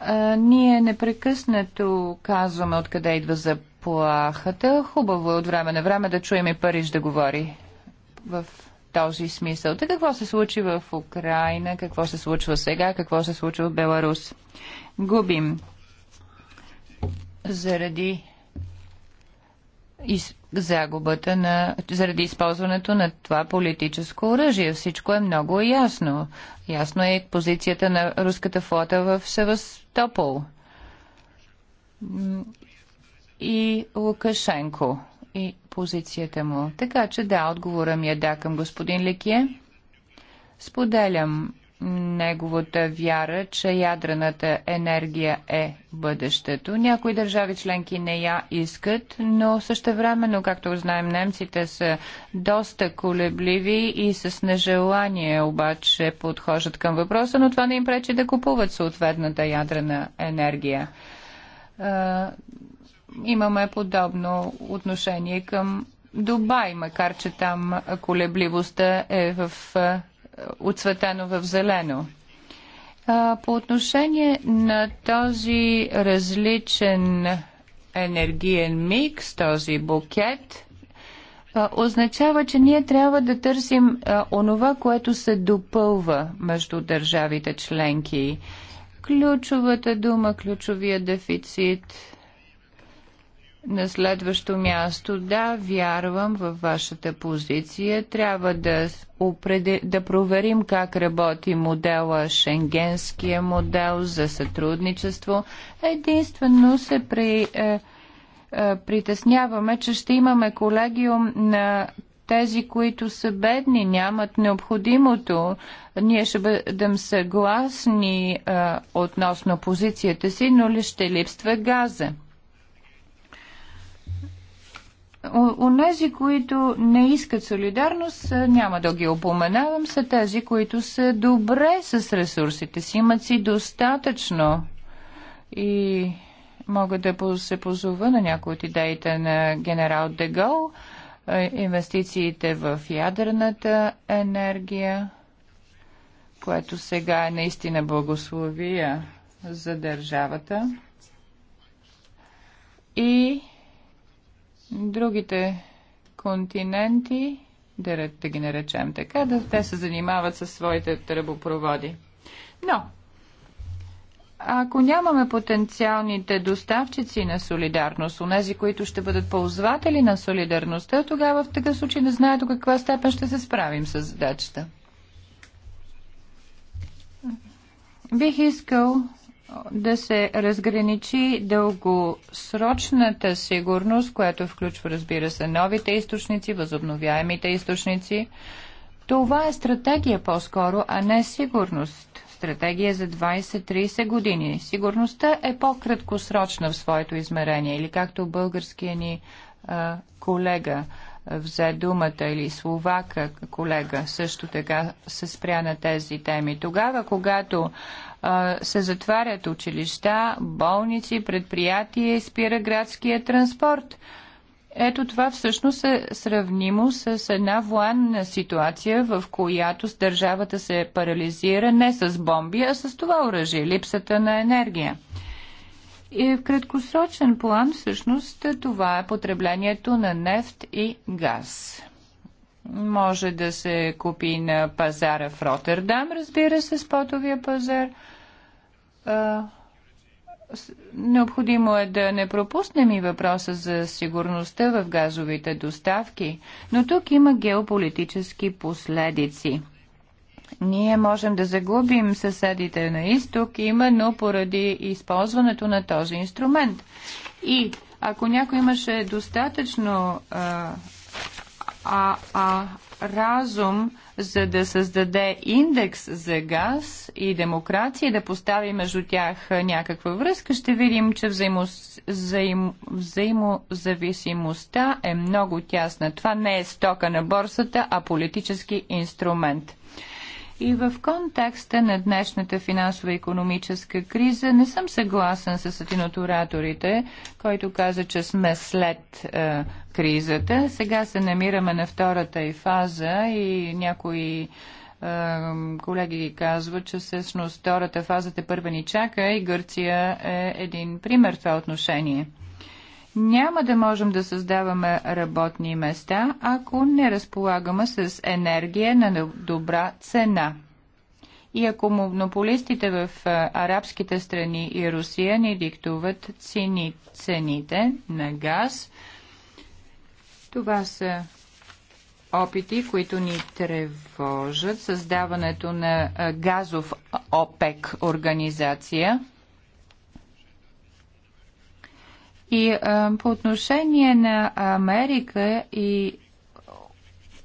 А, ние непрекъснато казваме откъде идва заплахата. Хубаво е от време на време да чуем и Париж да говори в този смисъл. Така какво се случи в Украина, какво се случва сега, какво се случва в Беларус? Губим заради из загубата на, заради използването на това политическо оръжие. Всичко е много ясно. Ясно е позицията на руската флота в Севастопол и Лукашенко и позицията му. Така че да, отговора ми е да към господин Лекие. Споделям неговата вяра, че ядрената енергия е бъдещето. Някои държави членки не я искат, но същевременно, както знаем, немците са доста колебливи и с нежелание обаче подхождат към въпроса, но това не им пречи да купуват съответната ядрена енергия. Имаме подобно отношение към Дубай, макар че там колебливостта е в отцветено в зелено. По отношение на този различен енергиен микс, този букет, означава, че ние трябва да търсим онова, което се допълва между държавите членки. Ключовата дума, ключовия дефицит – на следващо място, да, вярвам във вашата позиция. Трябва да, упреди, да проверим как работи модела, шенгенския модел за сътрудничество. Единствено се при, е, е, притесняваме, че ще имаме колегиум на тези, които са бедни, нямат необходимото. Ние ще бъдем съгласни е, относно позицията си, но ли ще липства газа? Онези, които не искат солидарност, е, няма да ги опоменавам, са тези, които са добре с ресурсите си, имат си достатъчно и мога да се позова на някои от идеите на генерал Дегол, е, инвестициите в ядрената енергия, което сега е наистина благословия за държавата. И Другите континенти, да, да ги наречем така, да те се занимават със своите тръбопроводи. Но, ако нямаме потенциалните доставчици на солидарност, онези, които ще бъдат ползватели на солидарността, тогава в такъв случай не знае до каква степен ще се справим с задачата. Бих искал да се разграничи дългосрочната сигурност, която включва, разбира се, новите източници, възобновяемите източници. Това е стратегия по-скоро, а не сигурност. Стратегия за 20-30 години. Сигурността е по-краткосрочна в своето измерение, или както българския ни а, колега взе думата или словака колега също така се спря на тези теми. Тогава, когато се затварят училища, болници, предприятия и спира градския транспорт. Ето това всъщност е сравнимо с една военна ситуация, в която държавата се парализира не с бомби, а с това оръжие, липсата на енергия. И в краткосрочен план всъщност това е потреблението на нефт и газ. Може да се купи на пазара в Роттердам, разбира се, спотовия пазар – Необходимо е да не пропуснем и въпроса за сигурността в газовите доставки, но тук има геополитически последици. Ние можем да загубим съседите на изток именно поради използването на този инструмент. И ако някой имаше достатъчно а, а, а, разум за да създаде индекс за газ и демокрация, да постави между тях някаква връзка, ще видим, че взаимо, взаим, взаимозависимостта е много тясна. Това не е стока на борсата, а политически инструмент. И в контекста на днешната финансово-економическа криза не съм съгласен с един от ораторите, който каза, че сме след е, кризата. Сега се намираме на втората и фаза и някои е, колеги ги казват, че всъщност втората фаза те първа ни чака и Гърция е един пример в това отношение. Няма да можем да създаваме работни места, ако не разполагаме с енергия на добра цена. И ако монополистите в арабските страни и Русия ни диктуват цени, цените на газ, това са опити, които ни тревожат. Създаването на газов ОПЕК организация – И по отношение на Америка и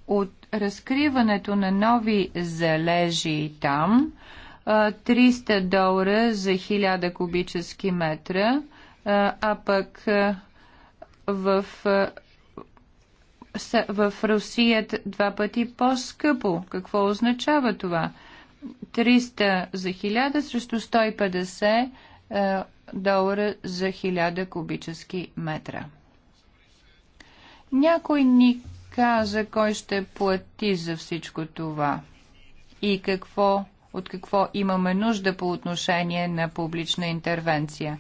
от разкриването на нови залежи там, 300 долара за 1000 кубически метра, а пък в, в Русия два пъти по-скъпо. Какво означава това? 300 за 1000 срещу 150 долара за 1000 кубически метра. Някой ни каза кой ще плати за всичко това и какво, от какво имаме нужда по отношение на публична интервенция.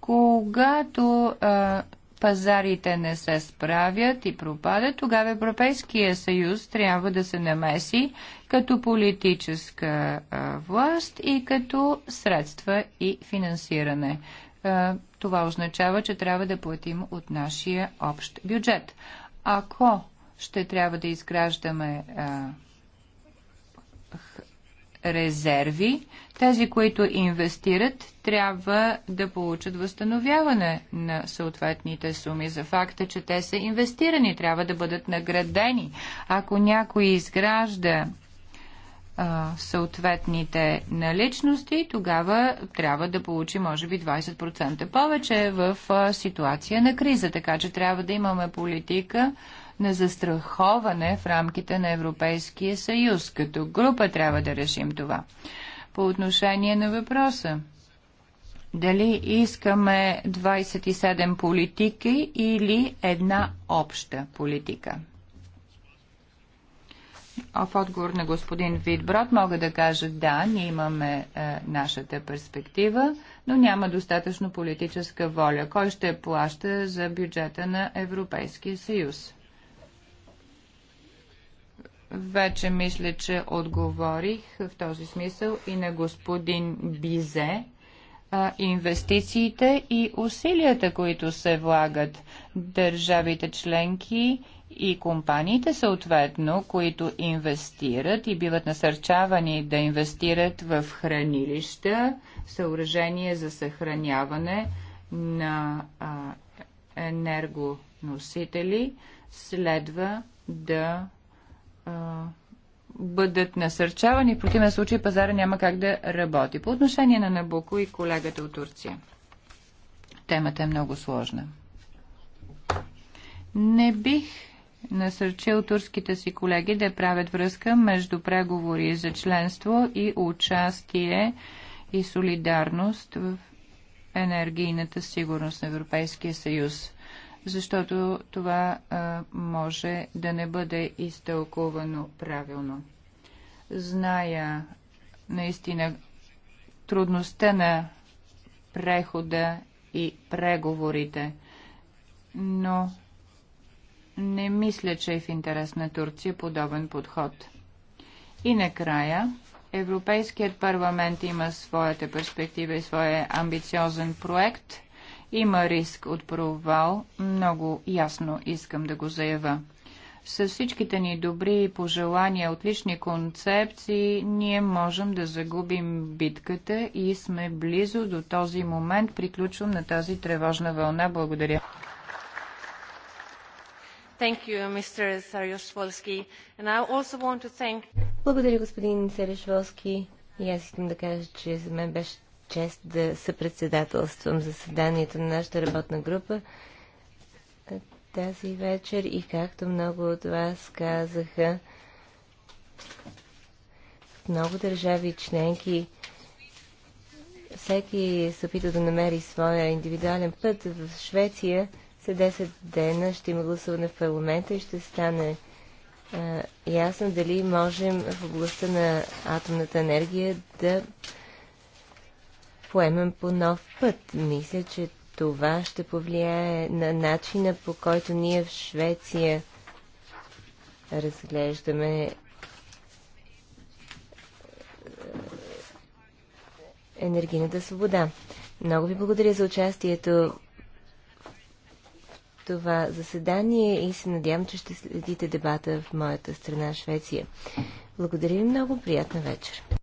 Когато а, пазарите не се справят и пропадат, тогава Европейския съюз трябва да се намеси като политическа власт и като средства и финансиране. Това означава, че трябва да платим от нашия общ бюджет. Ако ще трябва да изграждаме резерви. Тези, които инвестират, трябва да получат възстановяване на съответните суми за факта, че те са инвестирани, трябва да бъдат наградени. Ако някой изгражда а, съответните наличности, тогава трябва да получи може би 20% повече в а, ситуация на криза. Така че трябва да имаме политика на застраховане в рамките на Европейския съюз. Като група трябва да решим това. По отношение на въпроса дали искаме 27 политики или една обща политика в отговор на господин Витброд мога да кажа да, ние имаме е, нашата перспектива, но няма достатъчно политическа воля. Кой ще плаща за бюджета на Европейския съюз? Вече мисля, че отговорих в този смисъл и на господин Бизе. Е, инвестициите и усилията, които се влагат държавите членки и компаниите съответно, които инвестират и биват насърчавани да инвестират в хранилища, съоръжение за съхраняване на а, енергоносители, следва да а, бъдат насърчавани. В противен случай пазара няма как да работи. По отношение на Набуко и колегата от Турция. Темата е много сложна. Не бих насърчил турските си колеги да правят връзка между преговори за членство и участие и солидарност в енергийната сигурност на Европейския съюз. Защото това а, може да не бъде изтълкувано правилно. Зная наистина трудността на прехода и преговорите, но не мисля, че е в интерес на Турция подобен подход. И накрая, Европейският парламент има своята перспектива и своя амбициозен проект. Има риск от провал, много ясно искам да го заява. С всичките ни добри пожелания, отлични концепции, ние можем да загубим битката и сме близо до този момент. Приключвам на тази тревожна вълна. Благодаря. Благодаря, господин Сарешволски. И аз искам да кажа, че за мен беше чест да съпредседателствам заседанието на нашата работна група тази вечер и както много от вас казаха, в много държави членки всеки се опита да намери своя индивидуален път. В Швеция след 10 дена ще има гласуване в парламента и ще стане а, ясно дали можем в областта на атомната енергия да поемем по нов път. Мисля, че това ще повлияе на начина по който ние в Швеция разглеждаме енергийната свобода. Много ви благодаря за участието това заседание и се надявам, че ще следите дебата в моята страна Швеция. Благодаря ви много, приятна вечер.